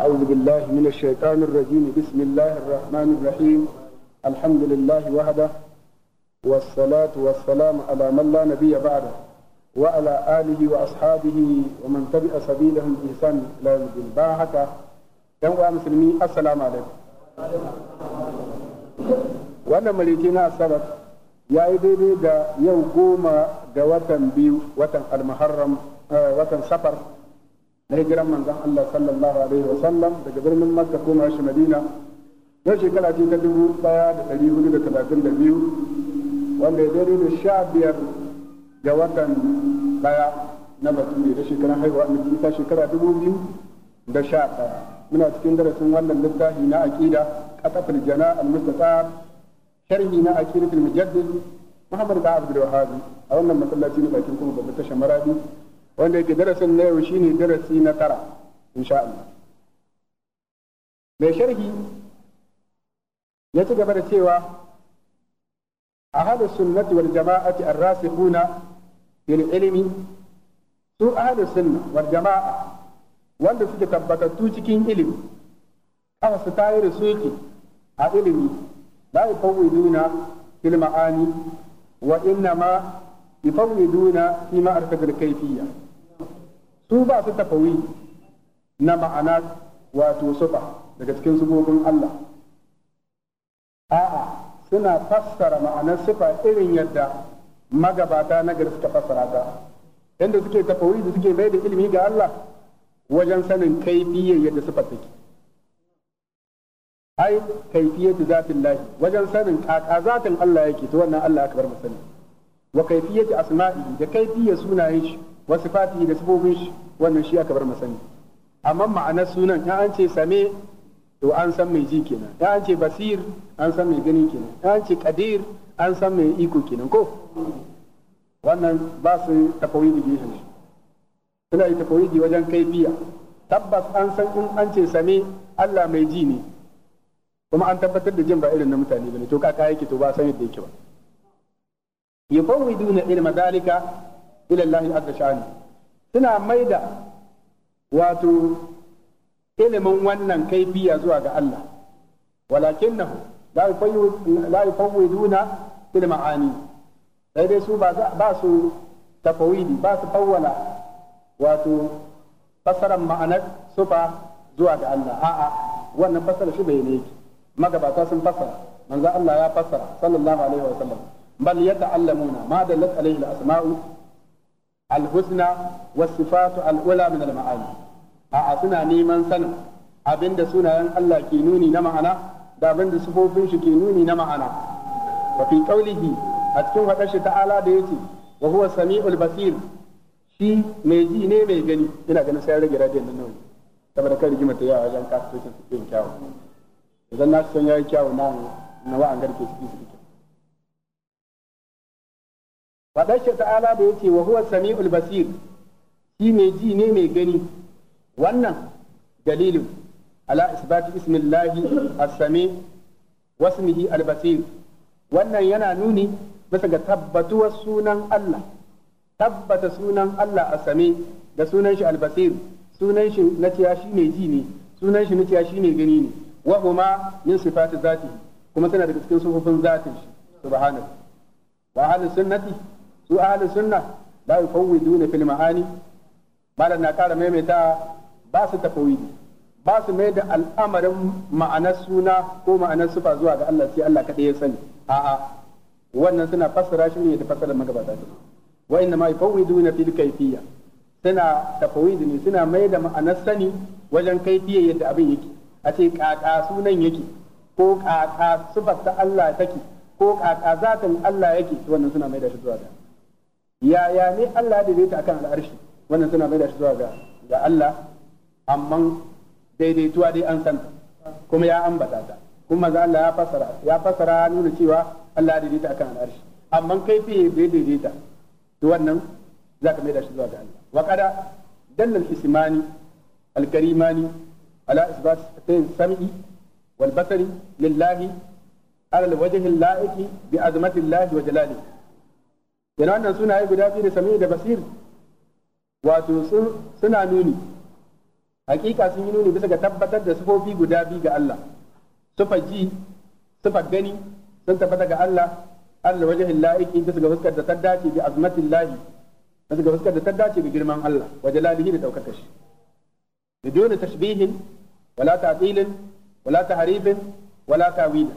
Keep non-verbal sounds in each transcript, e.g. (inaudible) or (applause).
أعوذ بالله من الشيطان الرجيم بسم الله الرحمن الرحيم الحمد لله وحده والصلاة والسلام على من لا نبي بعده وعلى آله وأصحابه ومن تبع سبيلهم بإحسان إلى يوم الدين باهك يا مسلمين السلام عليكم wannan mareke na asabar ya yi daidai da yau goma ga watan biyu watan almuharram watan safar na hijiran manzon Allah sallallahu alaihi wa sallam daga birnin Makka koma shi Madina yau shekara ce ta dubu ɗaya da ɗari hudu da talatin da biyu wanda ya daidai da sha biyar ga watan ɗaya na bature da shekaran haihuwa na isa shekara dubu biyu da sha ɗaya muna cikin darasin wannan littafi na aƙida ƙasafin jana al-mustafa sharhi na aƙidatul mujaddid Muhammad da Abdul Wahhab a wannan masallaci ne bakin kuma babbar tashar Maradi wanda yake darasin na yau shine darasi na tara insha Allah mai sharhi ya ci gaba da cewa ahlus sunnati wal jama'ati ar-rasikhuna fil ilimi su ahlus sunna wal jama'a wanda suke tabbatattu cikin ilimi aka su tayi da a ilimi la yufawwiduna fil ma'ani wa innama yufawwiduna fi ma'rifatil kayfiyya su ba su tafawi na ma'ana wato sufa daga cikin sufofin Allah a'a suna fassara ma'anar sufa irin yadda magabata na gari suka fassara ta Inda suke tafawi da suke bai da ilimi ga Allah wajen sanin kaifiyar yadda sufa take ai ta zatin lahi wajen sanin kaka zatin Allah yake ta, wannan Allah aka bar mu Wa wa ta asma'i da kaifiyar sunayen shi Wasu Fati da sifofin shi wannan shi aka bar masani amma ma'anar sunan ya an ce same to an san mai ji kenan ya an ce basir an san mai gani kenan ya an ce kadir an san mai iko kenan ko wannan ba su tafawidi bihin shi suna yi tafawidi wajen kai biya tabbas an san in an ce same Allah mai ji ne kuma an tabbatar da jin ba irin na mutane bane to kaka yake to ba san yadda yake ba yafawiduna ilma dalika ilallahi Allah azza sha'ani suna maida wato ilimin wannan kaifiya zuwa ga Allah walakinahu la yufawwiduna bil ma'ani sai dai su ba su tafawidi ba su fawwala wato fasaran ma'anar sufa zuwa ga Allah a'a wannan fasara shi bai ne magabata sun fasara manzo Allah ya fasara sallallahu alaihi wa sallam bal yata'allamuna ma dallat alaihi al-asma'u alhusna wasifatu al'ula min al-ma'ani a'a suna neman sanin abinda sunayen Allah ke nuni na ma'ana da abinda sifofin shi ke nuni na ma'ana wa fi a cikin hadar shi Ala da yace wa huwa sami'ul basir shi mai ji ne mai gani ina ganin sai rage radiyon nan nauyi saboda kan rigima ta yawa wajen kasuwancin su kyawu idan na san yayi kyawu na na wa'an garke su faɗar shi ta'ala da yace wa huwa sami'ul basir shi mai ji ne mai gani wannan dalilin ala isbati ismillahi as-sami wa ismihi al-basir wannan yana nuni bisa ga tabbatuwar sunan Allah tabbata sunan Allah as-sami da sunan shi al-basir sunan shi na ciya shi mai ji ne sunan shi na ciya shi mai gani ne wa huma min sifati zati kuma suna daga cikin sufufin zatin shi subhanahu wa ahlus sunnati su ahlus sunna la yufawwiduna fil ma'ani malam na kara maimaita ba su tafawidi ba su mai da al'amarin ma'anar suna ko ma'anar sufa zuwa ga Allah sai Allah kaɗai ya sani a'a wannan suna fassara shi ne da fassarar magabata ta wa inna ma yufawwiduna fil kayfiyya suna tafawidi ne suna mai da ma'anar sani wajen kayfiyya yadda abin yake a ce kaka sunan yake ko kaka sufar ta Allah take ko kaka zatin Allah yake wannan suna mai da shi zuwa ga yaya ne Allah ya daidaita akan al'arshi wannan suna mai da shi zuwa ga Allah amma daidaituwa dai an san kuma ya ambata ta kuma maza Allah ya fassara ya fasara nuna cewa Allah ya daidaita akan al'arshi amma kai fi bai daidaita to wannan za zaka mai da shi zuwa ga Allah wa kada dallal ismani al-karimani ala isbat sam'i wal basari lillahi ala al-wajhi al-la'iqi bi azmati Allah wa jalalihi yana wannan sunaye guda biyu da sami da basir wato suna nuni hakika sun yi nuni bisa ga tabbatar da sufofi guda biyu ga Allah sufa ji sufa gani sun tabbata ga Allah Allah wajen la'iki bisa ga fuskar da ta dace bi lahi, bisa ga fuskar da ta dace bi girman Allah wajen jalalihi da daukakar shi بدون tashbihin, wala تعطيل wala تحريف wala tawila.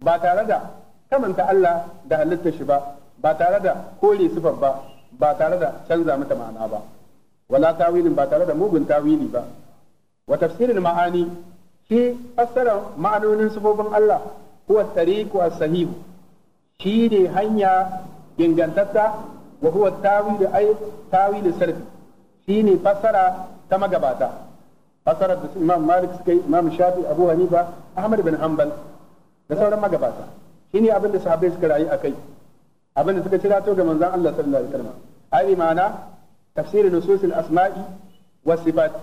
ba tare da kamanta Allah da halittar shi ba ba tare da kore sifar ba ba tare da canza mata ma'ana ba wala tawilin ba tare da mugun tawili ba wa tafsirin ma'ani shi fassara ma'anonin sifofin Allah huwa tariqu as-sahih shi ne hanya ingantatta wa huwa tawil ay tawil sarfi shi ne fassara ta magabata fassara da Imam Malik sai Imam Shafi Abu Hanifa Ahmad bin Hanbal da sauran magabata shine abin da sahabbai suka rayu akai abinda suka cirato ga manzon Allah sallallahu alaihi wasallam ai ma'ana tafsirin nususil asma'i was sifat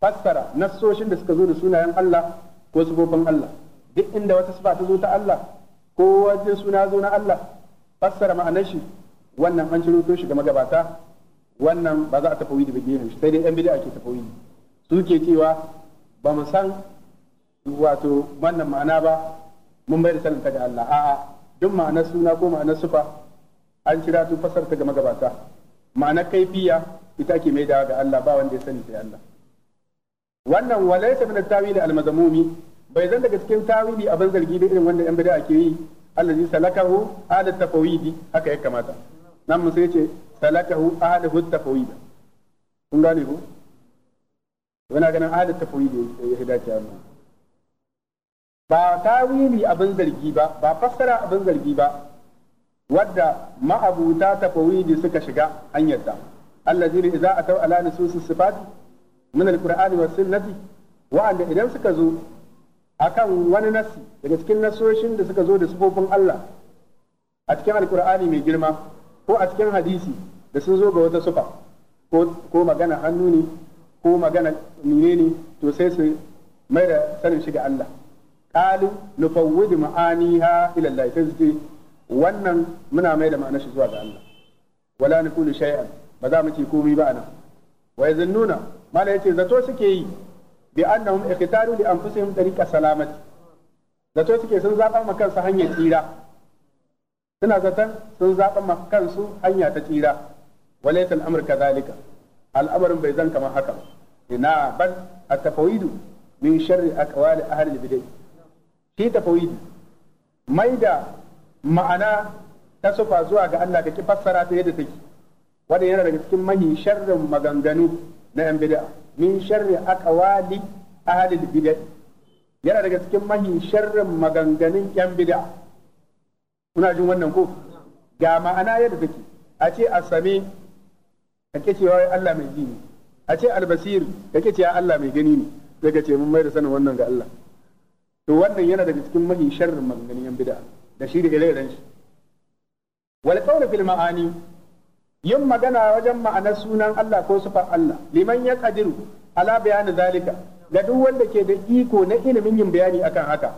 fassara nassoshin da suka zo da sunayen Allah ko sifofin Allah duk inda wata sifa ta zo ta Allah ko wajen suna zo na Allah fassara ma'anar shi wannan an ciro shi ga magabata wannan ba za a tafawi da bigihin shi sai dai yan bid'a ke tafawi su ke cewa ba mu san wato wannan ma'ana ba mun bai da sanin ga Allah a'a duk ma'anar suna ko ma'anar sufa an cira sun fasar ta ga magabata ma'anar kaifiya ita ke mai dawa ga Allah ba wanda ya sani sai Allah wannan walaita min tawili al-mazmumi bai zan daga cikin tawili abin zargi da irin wanda yan bid'a ke yi allazi salakahu ala tafawidi haka ya kamata nan mun sai ce salakahu ala tafawid kun gane ko wannan ganin ala tafawidi ya hidace Allah ba tawili abin zargi ba ba fassara abin zargi ba wadda ma'abuta tafawidi suka shiga an yadda zai idza ataw ala nusus sifat min alqur'ani was sunnati wa'anda idan suka zo akan wani nasi daga cikin nasoshin da suka zo da sifofin Allah a cikin alqur'ani mai girma ko a cikin hadisi da sun zo ga wata sufa ko magana hannu ne ko magana menene to sai su mai da sanin shi ga Allah qalu nufawwidu ma'aniha ila Allah sai su wannan muna mai da ma'anar shi zuwa ga Allah wala naqulu shay'an ba za mu ci komai ba anan wa yazunnuna mala yace zato suke yi bi annahum iqtaru li anfusihim tariqa salamati zato suke sun zaba ma kansu hanyar tsira suna zaton sun zaba ma kansu hanya ta tsira walaysa al-amr kadhalika al'amarin bai zan kama haka ina bal at-tafawid min sharri aqwali ahli al-bid'ah fi tafawidi mai da ma'ana ta sufa zuwa ga Allah da ki fassara ta yadda take wanda yana daga cikin mahi sharrin maganganu na yan bid'a min sharri aqwali ahli al-bid'ah yana daga cikin mahi sharrin maganganun yan bid'a kuna jin wannan ko ga ma'ana yadda take a ce a kake cewa Allah mai ji ne a ce albasir kake cewa Allah mai gani ne kake ce mun mai da sanin wannan ga Allah to wannan yana daga cikin mahi sharrin maganganun yan bid'a da shi da ire-iren shi wal qawlu fil ma'ani yin magana wajen ma'anar sunan Allah ko sufar Allah liman ya qadiru ala bayani zalika ga duk wanda ke da iko na ilimin yin bayani akan haka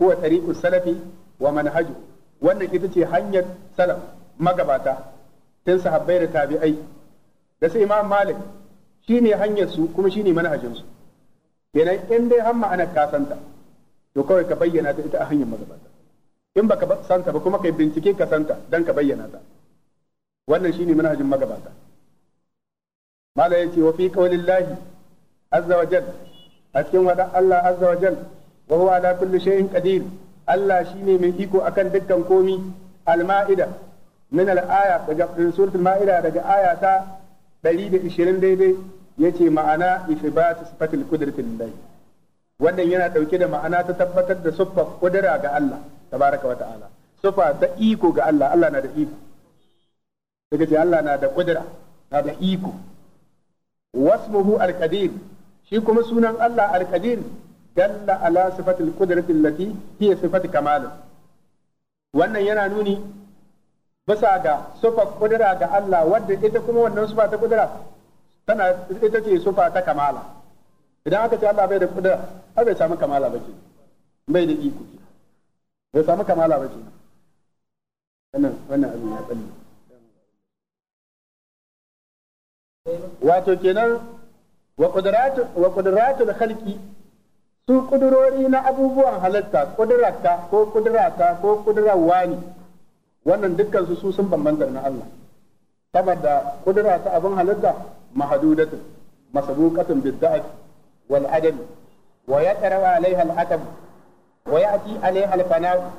huwa tariqus salafi wa manhaju wannan ita ce hanyar salaf magabata tun sahabbai da tabi'ai da sai imam malik shine hanyar su kuma shine manhajin su kenan in dai har ma'anar kasanta to kawai ka bayyana ta ita a hanyar magabata in baka ta ba kuma kai bincike ka ta dan ka bayyana ta wannan shine manhajin magabata mala yace wa fi qaulillahi azza wa jalla a cikin wada Allah azza wa jalla wa huwa ala kulli shay'in qadir Allah shine mai iko akan dukkan komi al-ma'ida min al-aya daga suratul ma'ida daga aya ta 120 daidai yace ma'ana ifbatu sifatil qudratillahi wannan yana ɗauke da ma'ana ta tabbatar da siffa kudura ga Allah tabaraka wata'ala siffa da iko ga Allah Allah na da iko daga ce Allah na da kudura na da iko wasmuhu alqadir shi kuma sunan Allah alqadir dalla ala sifatil qudrati allati hiya sifatu kamal wannan yana nuni bisa ga sufa kudura ga Allah wadda ita kuma wannan sufa ta kudura tana ita ce sufa ta kamala idan aka ce Allah bai da kudura ai bai samu kamala ba ke bai da iko ke bai samu kamala ba ke wannan wannan abin ya tsalle wato kenan wa qudratu wa qudratul khalqi su kudurori na abubuwan halitta kudurata ko kudurata ko kudurar wani wannan dukkan su su sun bambanta na Allah saboda kudurata ta abin halitta mahadudatu masabukatun bid'ati والعدم ويتروى عليها الحكم ويأتي عليها الفناء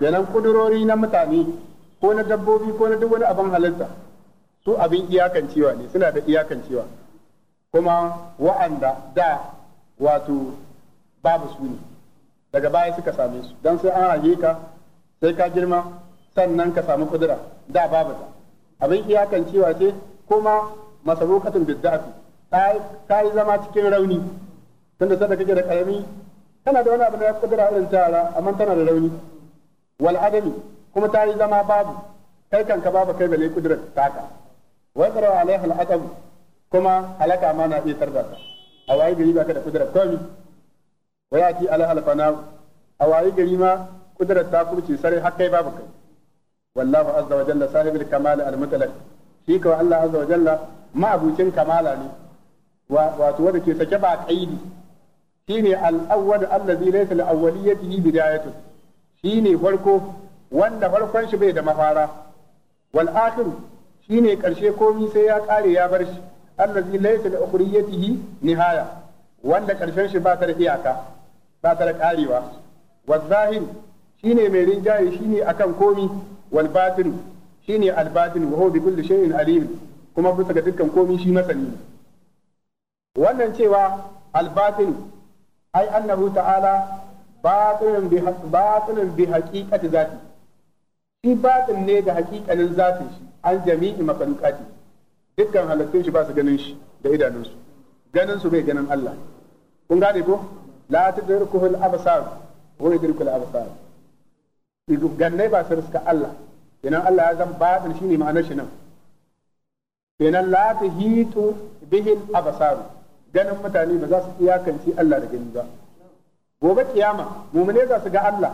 kenan kudurori na mutane ko na dabbobi ko na duk wani abin halitta su abin iyakancewa ne suna da iyakancewa kuma wa'anda da wato babu su daga baya suka same su don sai an rage ka sai ka girma sannan ka samu kudura da babu ta abin iyakancewa ce ko ma kuma masarokatun biddafi ta yi zama cikin rauni tunda sanda kake da karami tana da wani abu da kudura irin ta yara amma tana da rauni wal adami kuma ta yi zama babu kai kanka babu kai bale kudurar taka wa tsara alaiha al'aqab kuma halaka ma na iya tarbata ta a wayi gari ba ka da kudurar komi wa yati alaiha al-fana a wayi gari ma kudurar ta kurce sare har kai babu kai wallahu azza wa jalla sahibul kamal al-mutlaq shi ko Allah azza wa jalla ma abucin kamala ne wato wanda ke sake ba kaidi shine al-awwal allazi laysa li awwaliyatihi bidayatu shine farko wanda farkon shi bai da mafara wal akhir shine karshe komi sai ya kare ya bar shi allazi laysa li ukhriyatihi nihaya wanda karshen shi ba ta da iyaka ba ta da karewa wal zahir shine mai rinjaye shine akan komi wal batin shine al batin wa huwa bi kulli shay'in alim kuma bisa ga dukkan komi shi masani ne wannan cewa albatin ai annahu ta'ala batinin bi batinin bi haqiqati zati shi batin ne da haƙiƙanin zatin shi an jami'i makalukati dukkan halittun shi ba su ganin shi da idanunsu ganin su bai ganin Allah kun gane ko la tudrikuhul absar wa yudrikul absar ganne ba su riska Allah kenan Allah ya zan batin ne ma'anar shi nan kenan la tuhitu bihi absar ganin mutane ba za su kanci Allah da gani ba gobe kiyama mumune za su ga Allah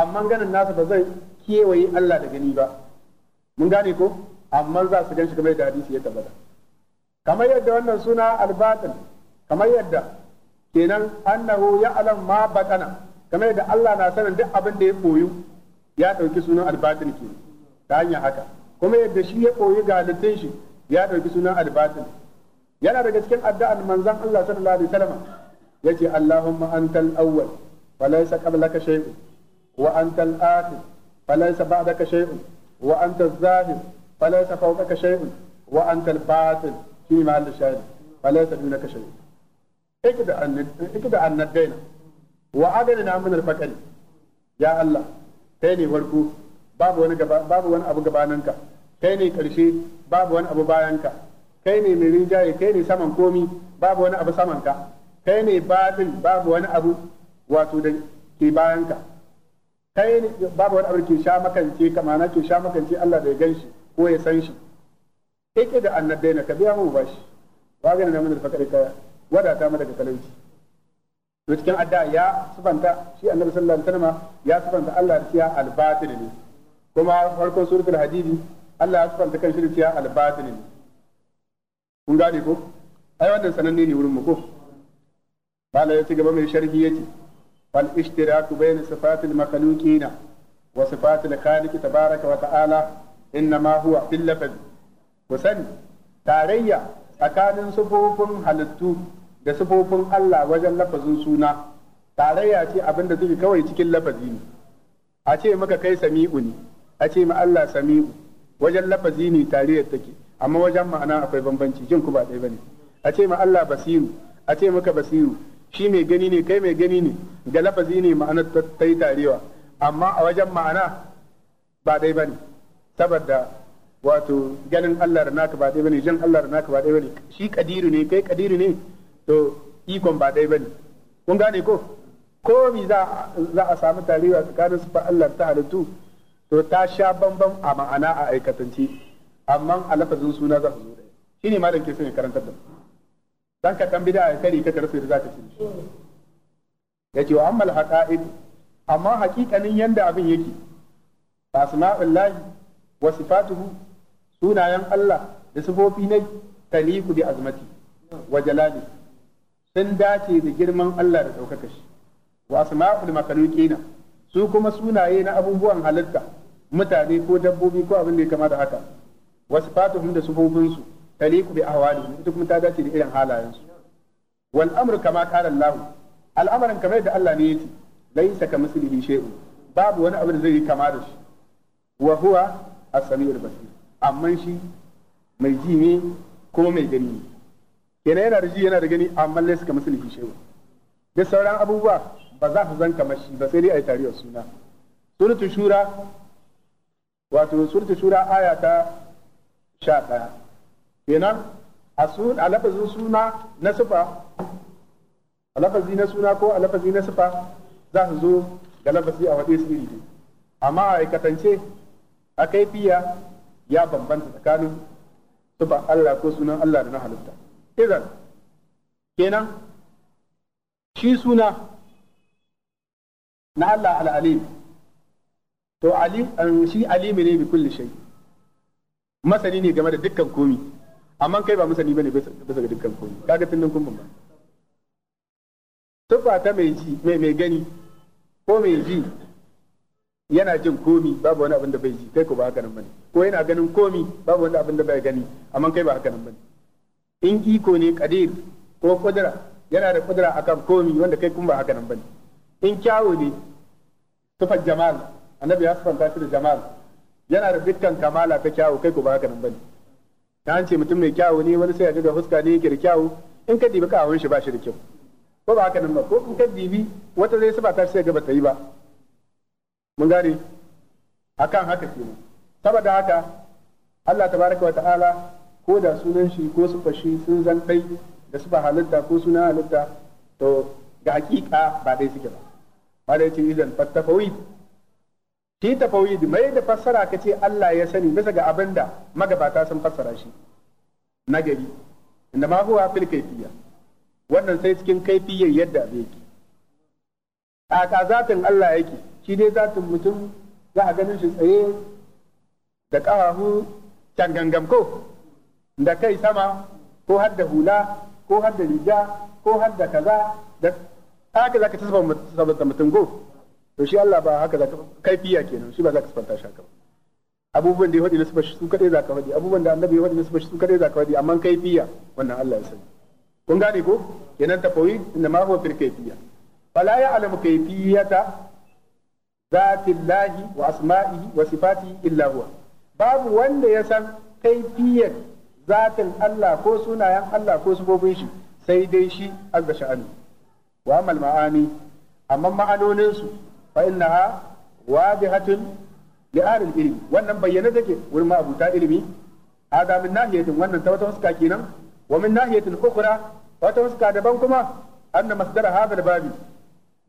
amma ganin nasu ba zai kewaye Allah da gani ba mun gane ko amma za su gan shi kamar yadda hadisi ya tabbata kamar yadda wannan suna albatin kamar yadda kenan annahu ya'lam ma batana kamar yadda Allah na sanin duk abin da ya koyu ya dauki sunan albatin ke ta hanyar haka kuma yadda shi ya koyi galitin shi ya ɗauki sunan albatin yana daga cikin addu'an manzon Allah sallallahu alaihi wasallam yace Allahumma antal awwal falaysa qablaka shay'un wa antal akhir falaysa ba'daka shay'un wa antal zahir falaysa fawqaka shay'un wa antal batin ma dunaka shay'un ikda an ikda an nadaina wa min al-faqr ya Allah kai ne babu wani babu wani abu gabaninka kai ne karshe babu wani abu bayanka kai ne mai rinjaye kai ne saman komi babu wani abu saman ka kai ne batin babu wani abu wato da ke bayan ka kai ne babu wani abu ke sha makance kama na ke sha makance Allah bai gan shi ko ya san shi kike da annabai na ka biya mu bashi ba ga nan mun fakari ka wadata mu daga talauci to cikin addu'a ya subanta shi annabi sallallahu alaihi wasallam ya subanta Allah da cewa al ne kuma farkon suratul hadidi Allah ya subanta kan shi da cewa al ne kun gane ko ai wannan sananne ne wurin mu ko bala ya ci gaba mai sharhi yace fal ishtiraku bayna sifatil makhluqina wa sifatil khaliq tabaraka wa ta'ala innama huwa fil lafz kusan tarayya tsakanin sufofin halittu da sufofin Allah wajen lafazin suna tarayya ce abin da kawai cikin lafazi ne a ce maka kai sami'u ne a ce ma Allah sami'u wajen lafazi ne tarayyar take amma wajen ma'ana akwai bambanci jin ku ba ɗaya bane a ce ma Allah basiru a ce maka basiru shi mai gani ne kai mai gani ne ga lafazi ne ma'ana ta yi tarewa amma a wajen ma'ana ba ɗaya bane saboda wato ganin Allah da naka ba ɗaya bane jin Allah da naka ba ɗaya bane shi kadiru ne kai kadiru ne to ikon ba ɗaya bane kun gane ko ko mi za a samu tarewa tsakanin su fa Allah ta halittu to ta sha bambam a ma'ana a aikatanci amma a lafazin suna za su zo da shi ne malam ke son ya karantar da dan ka dan bid'a a kari ka karfe da zaka ci yace wa ammal haqa'id amma hakikanin yanda abin yake asma'ullahi wa sifatuhu sunayen Allah da sifofi na taliku bi azmati wa jalali sun dace da girman Allah da daukaka shi wa asma'ul makhluqina su kuma sunaye na abubuwan halitta mutane ko dabbobi ko abin da ya kama da haka wasu fatuhum da sufufinsu taliku bi ahwalihim ita kuma ta dace da irin halayensu wal amru kama qala Allah al'amarin kamar da Allah ne yake laisa ka mislihi shay'un babu wani abu da zai yi kama da shi wa huwa as-sami'ul basir amma shi mai ji ne kuma mai gani ne kenan yana da ji yana da gani amma laisa ka mislihi shay'un da sauran abubuwa ba za su zan kamar shi ba sai dai a yi tariyar suna suratul shura wato suratul shura ayata. ta sha ɗaya kenan a lafazin suna na sufa a lafazi na suna ko a lafazi na sufa za su zo ga lafazi a waɗe su iri amma a aikatance a fiya ya bambanta tsakanin sufa Allah ko sunan Allah da na halitta idan kenan shi suna na Allah al'alim to shi alimi ne bi kulli shai. masani ne game da dukkan komi amma kai ba masani bane bisa ga dukkan komi kaga tunan kun ba sufa ta mai ji mai mai gani ko mai ji yana jin komi babu wani abin da bai ji kai ko ba haka nan bane ko yana ganin komi babu wani abin da bai gani amma kai ba haka nan bane in iko ne kadir ko kudura yana da kudura akan komi wanda kai kun ba haka nan bane in kyawo ne tufa jamal annabi ya sufanta shi da jamal yana da dukkan kamala ta kyawu kai ku ba haka nan bane ta an ce mutum mai kyawu ne wani sai ya ga fuska ne yake da kyawu in ka dibi kawun shi ba shi da kyau ko ba haka nan ba ko in ka dibi wata zai saba ta sai ga bata yi ba mun gane akan haka ke nan saboda haka Allah tabaraka wata'ala ko da sunan shi ko su fashi sun zan kai da su halitta ko suna halitta to ga hakika ba dai suke ba ba dai ce fatta fattafawid shi tafawid mai da fassara ka ce Allah ya sani bisa ga abin da magabata sun fassara shi nagari inda ma huwa fil kaifiyya wannan sai cikin kaifiyyar yadda zai yake a ka zatin Allah yake shi dai zatin mutum za a ganin shi tsaye da ƙafafu can ko da kai sama ko har da hula ko har da riga ko har da kaza da haka za ka mutum ko to shi Allah ba haka za zaka kaifiya kenan shi ba za ka sifanta shi haka ba abubuwan da ya faɗi na sifar su kadai ka faɗi abubuwan da annabi ya faɗi na sifar su za ka faɗi amma kaifiya wannan Allah ya sani kun gane ko kenan tafawid inna ma huwa fil kaifiya fala ya'lamu kaifiyata zati llahi wa asma'ihi wa sifatihi illa huwa babu wanda ya san kaifiyar zatin Allah ko sunayen Allah ko sifofin shi sai dai shi azza sha'ani wa amal ma'ani amma ma'anoninsu fa innaha wadihatun li ahli ilimi wannan bayyana take wurin ma ilimi hada min nahiyatin wannan ta wata huska kenan wa min nahiyatin ukhra wata huska daban kuma anna masdar hadal babi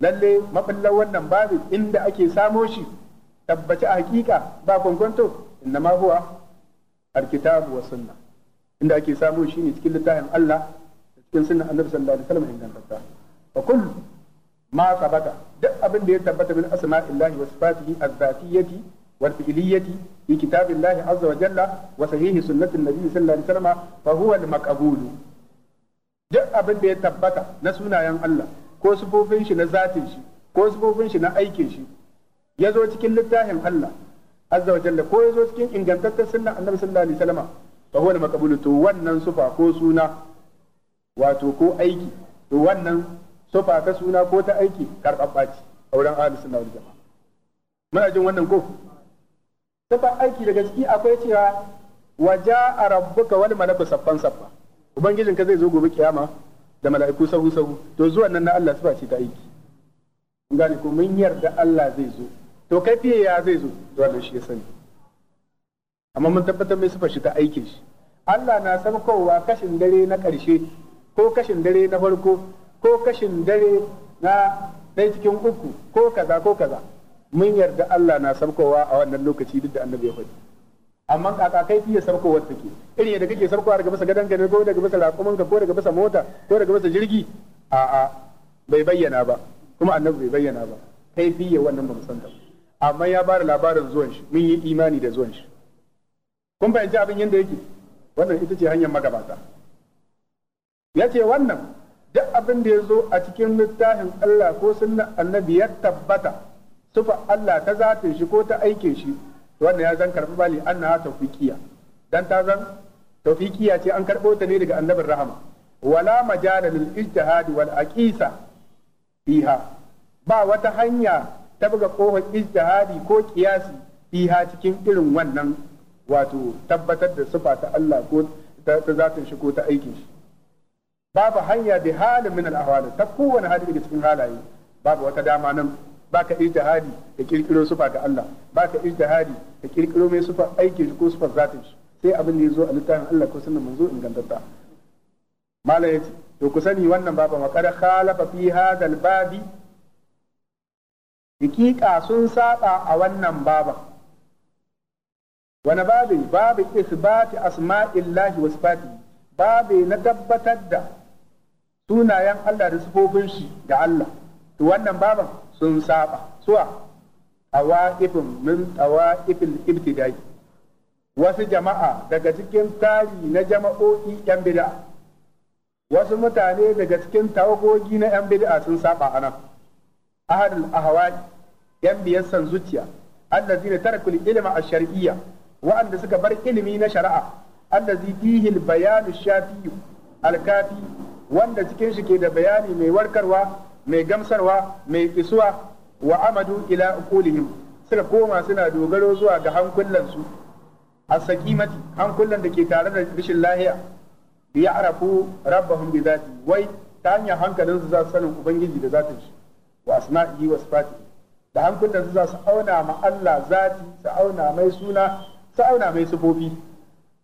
lalle maballan wannan babi inda ake samo shi tabbaci a hakika ba kwankwanto inna ma huwa alkitabu wa sunna inda ake samo shi ne cikin littafin Allah da cikin ma sabata duk abin da ya tabbata min asma'illahi wa sifatihi az-zatiyyati wal fi'liyyati fi kitabillahi azza wa jalla wa sahihi sunnatin nabi sallallahu alaihi wasallam fa huwa al-maqbul duk abin da ya tabbata na sunayen Allah ko sifofin shi na zatin shi ko sifofin shi na aikin shi ya zo cikin littafin Allah azza wa jalla ko ya zo cikin ingantaccen sunnan annabi sallallahu alaihi wasallam fa huwa al-maqbul to wannan sufa ko suna wato ko aiki to wannan tufa ka suna ko ta aiki karɓaɓɓa ce a wurin ahalus sunna wani jama'a muna jin wannan ko tufa aiki daga ciki akwai cewa waja a rabbuka wani malaku saffan saffa ubangijinka zai zo gobe kiyama da mala'iku sahu sahu to zuwan nan na Allah su ce ta aiki gane ko mun yarda Allah zai zo to kai fiye ya zai zo to da shi ya sani amma mun tabbatar mai sufa shi ta aikin shi Allah na sabkowa kashin dare na ƙarshe ko kashin dare na farko ko kashin dare na ɗaya cikin uku ko kaza ko kaza mun yarda Allah na sarkowa a wannan lokaci duk da annabi ya faɗi amma kaka kai fiye sarkowar take irin yadda kake sarkowa daga bisa gadon ka ko daga bisa raƙumanka ko daga bisa mota ko daga bisa jirgi a'a bai bayyana ba kuma annabi bai bayyana ba kai fiye wannan ba mu san ta amma ya bada labarin zuwan shi mun yi imani da zuwan shi kun fahimci abin yadda yake wannan ita ce hanyar magabata ya ce wannan duk abin da ya zo a cikin littafin Allah ko sunnan annabi ya tabbata sufa Allah ta zatin shi ko ta aike shi wanda ya zan karbi bali na tawfiqiya dan ta zan tawfiqiya ce an karɓo ta ne daga annabin rahama wala majala lil ijtihad wal aqisa fiha ba wata hanya ta buga kofar ijtihadi ko kiyasi fiha cikin irin wannan wato tabbatar da sufa ta Allah ko ta zatin shi ko ta aike shi babu hanya bi halin min al ta kowane hali daga cikin halaye babu wata dama nan baka ijtihadi ka kirkiro sufa ga Allah baka ijtihadi ka kirkiro mai sufa aiki shi ko sufa zatin shi sai abin da ya zo a littafin Allah ko sunan manzo ingantatta malam yace to ku sani wannan babu makara khalafa fi hadal babi hakika sun saba a wannan baba wani babin babu isbati asma'illahi wa sifati babu na tabbatar da sunayen Allah da sifofin shi da Allah to wannan baban sun saba suwa tawa'ifin min tawa'ifil ibtidai wasu jama'a daga cikin tari na jama'o'i yan bid'a wasu mutane daga cikin tawagogi na yan bid'a sun saba anan ahadul ahwa'i yan biyar san zuciya da tarakul ilma a shariyya wa'anda suka bar ilimi na shari'a allazi fihi al-bayan ash-shafi al-kafi wanda cikin shi ke da bayani mai warkarwa mai gamsarwa mai isuwa wa amadu ila uqulihim suka koma suna dogaro zuwa ga hankulansu a sakimati hankulan da ke tare da rashin lahiya ya arafu rabbahum bi zati wai ta hanyar hankalinsu za su sanin ubangiji da zatin shi wa asma'i wa sifati da su za su auna ma Allah zati su auna mai suna su auna mai sifofi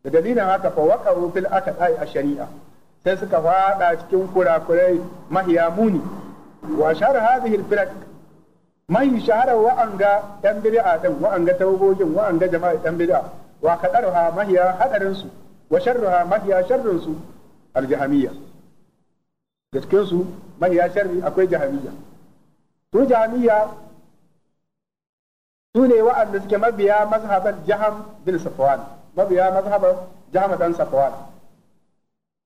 da dalilin haka fa waqa'u fil aqda'i a shari'a sai suka fada cikin kurakurai mahiya muni wa shar hadhihi al mai shahara wa'anga dan bid'a anga wa'anga wa wa'anga jama'a dan bid'a wa kadarha mahiya hadarin su wa sharruha mahiya sharrin su aljahamiyya gaskiyar su mahiya sharri akwai jahamiyya su jahamiyya su ne wa'anda suke mabiya mazhaban jaham bin safwan mabiya mazhaban jaham dan safwan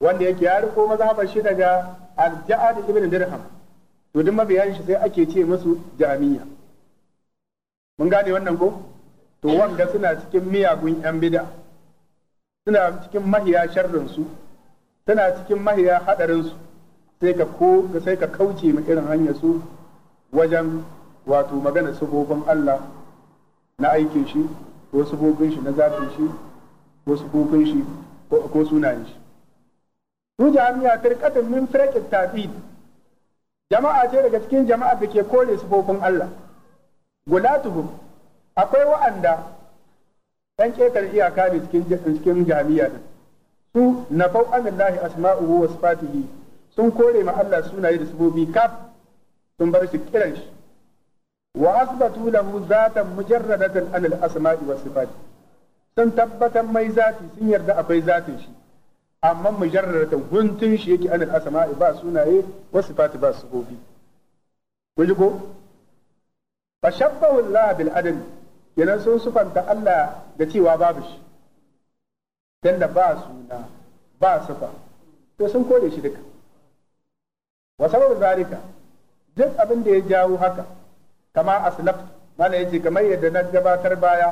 wanda yake ya riko mazhabar shi daga al-ja'ad ibn dirham to duk mabiyan shi sai ake ce musu jamiy'a mun gane wannan ko to wanda suna cikin miyagun yan bid'a suna cikin mahiya sharrin su suna cikin mahiya hadarin su sai ka ko sai ka kauce mu irin hanyarsu su wajen wato magana sabobin Allah na aikin shi ko sabobin shi na zafin shi ko sabobin shi ko sunayen shi su jami'a firqatun min firqit tafid jama'a ce daga cikin jama'a da ke kore sufofin Allah gulatuhum akwai wa'anda ɗan ƙetar iyaka ne cikin jami'a din su nafau anillahi asma'uhu wa sifatihi sun kore ma Allah sunaye da sufofi kaf sun bar shi kiran shi wa asbatu lahu zatan mujarradatan anil asma'i was sifati sun tabbatar mai zati sun yarda akwai zatin shi amma mujarradan guntun shi yake anil asma'i ba sunaye wa sifati ba sifofi kun ko fa shabbahu Allah bil adami sun sufanta Allah da cewa babu shi dan da ba suna ba sifa to sun kore shi duka wa sababu zalika duk abin da ya jawo haka kama aslaf mana yace kamar yadda na gabatar baya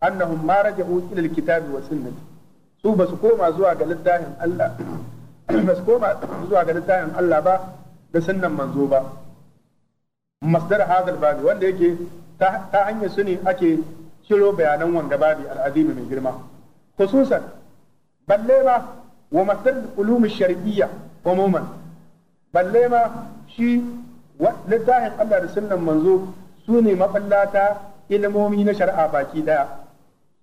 annahum ma raja'u ila alkitabi wa sunnati su ba su koma zuwa ga littafin Allah (clears throat) ba su koma zuwa ga littafin Allah ba da sunnan manzo ba masdar hadal babi wanda yake ta hanyar su ne ake ciro bayanan wanga babi al'azimi mai girma khususan balle ma wa masdar ulum shar'iyya umuman balle ma shi littafin Allah da sunnan manzo su ne mafallata ilmomi na shari'a baki daya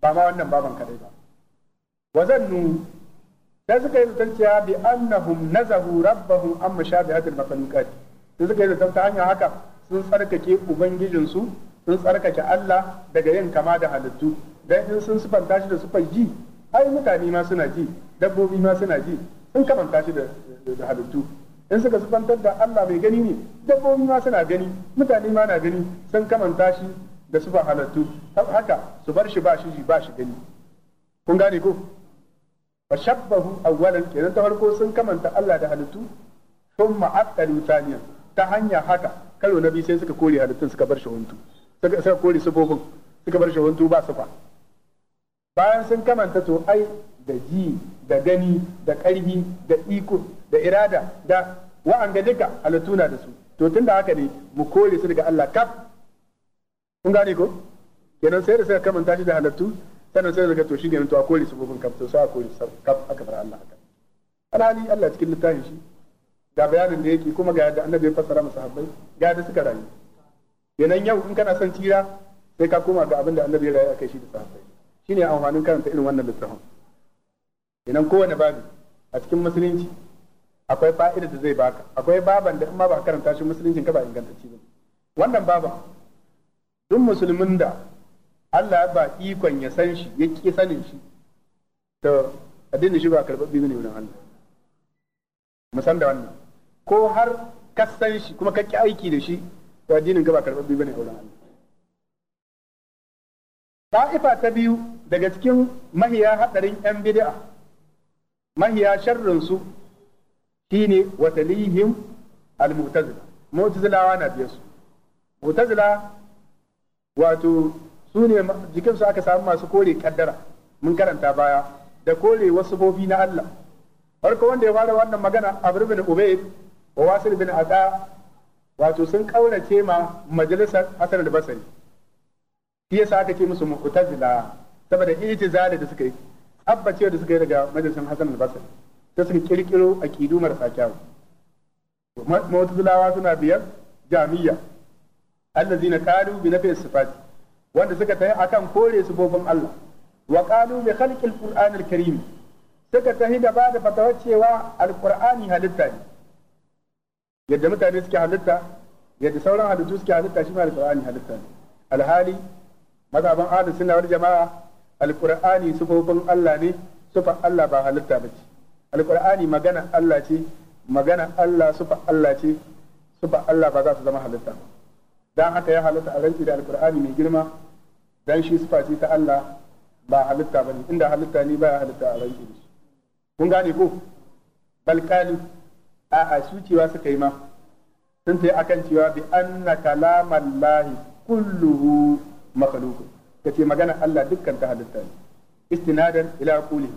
ba ma wannan baban kadai ba wa zannu sai suka yi zaton cewa bi annahum nazahu rabbahum an mushabihatil makhluqat sai suka yi zaton ta hanyar haka sun tsarkake ubangijinsu sun tsarkake Allah daga yin kama da halittu dan in sun sifanta shi da sifar ji ai mutane ma suna ji dabbobi ma suna ji sun kamanta shi da halittu in suka sifantar da Allah mai gani ne dabbobi ma suna gani mutane ma na gani sun kamanta shi da sifar halittu haka su bar shi ba shi ba shi gani kun gane ko fa shabbahu awwalan kenan ta farko sun kamanta Allah da halittu sun aqalu thaniyan ta hanya haka karo na biyu sai suka kore halittun suka bar shawuntu suka suka kore sufofin suka bar shawuntu ba sufa bayan sun kamanta to ai da ji da gani da ƙarfi da iko da irada da wa'anga duka halittu na da su to tun da haka ne mu kore su daga Allah kaf kun gane ko kenan sai da suka kamanta shi da halittu sannan sai zaka to ne to a kore su kaf kafin sai a kore kaf aka bar Allah haka alhali Allah cikin littafin shi ga bayanin da yake kuma ga yadda annabi ya fassara masa habbai ga yadda suka rayu kenan yau in kana son tsira sai ka koma ga abin da annabi ya rayu akai shi da sahabbai shine amfanin karanta irin wannan littafin kenan kowane babu a cikin musulunci akwai fa'ida da zai baka akwai baban da in ma ba karanta shi musulunci ka ba ingantacci ba wannan baban duk musulmin da Allah ba ikon ya san shi ya ki sanin shi to addinin shi ba karɓaɓɓe ne wurin Allah mu san da wannan ko har ka san shi kuma ka ki aiki da shi to addinin ka ba karɓaɓɓe ne wurin Allah ta'ifa ta biyu daga cikin mahiya hadarin yan bid'a mahiya sharrin su shine watalihim al-mu'tazila mu'tazilawa na biyar su mu'tazila wato su ne jikinsu aka samu masu kore kaddara mun karanta baya da kore wasu bofi na Allah farko wanda ya fara wannan magana Amr bin Ubayd wa Wasil bin wato sun ce ma majalisar Hasan al-Basri shi yasa aka ce musu mu'tazila saboda ijtizali da suka yi abbace da suka yi daga majalisar Hasan al-Basri sai suka kirkiro aqidu marasa kyawu mu'tazilawa suna biyar jami'a allazina zina bi nafi sifati wanda suka tafi akan kore sufofin Allah wa qalu bi khalqil qur'anil karim suka tafi da ba da fatawa cewa alqur'ani halitta ne yadda mutane suke halitta yadda sauran halittu suke halitta shi ma alqur'ani halitta ne alhali mazhaban ahlus sunna wal jama'a Al-ƙur'ani alqur'ani sufofin Allah ne sufa Allah ba halitta al alqur'ani magana Allah ce magana Allah sufa Allah ce sufa Allah ba za su zama halitta ba dan haka ya halatta a rantsi da alkur'ani mai girma dan shi sifa ce ta Allah ba halitta bane inda halitta ne ba halitta a rantsi da shi kun gane ko balkani a a su suka yi ma sun ta akan cewa bi anna kalamallahi kulluhu makhluqun kace magana Allah dukkan ta halitta ne istinadan ila qulihi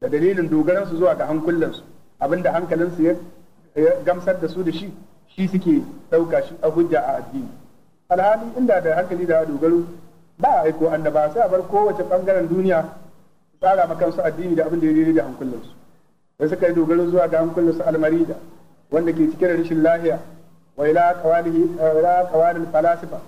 da dalilin dogaransu zuwa ga hankulansu abinda hankalinsu ya gamsar da su da shi shi suke ɗauka shi a hujja a addini alhali inda da hankali da dogaro ba a aiko annaba sai a bar kowace bangaren duniya tsara ma kansu addini da abin da ya daidai da hankulansu da suka yi dogaro zuwa ga su almarida wanda ke cike da rashin lahiya wa ila qawalihi ila qawalil falasifa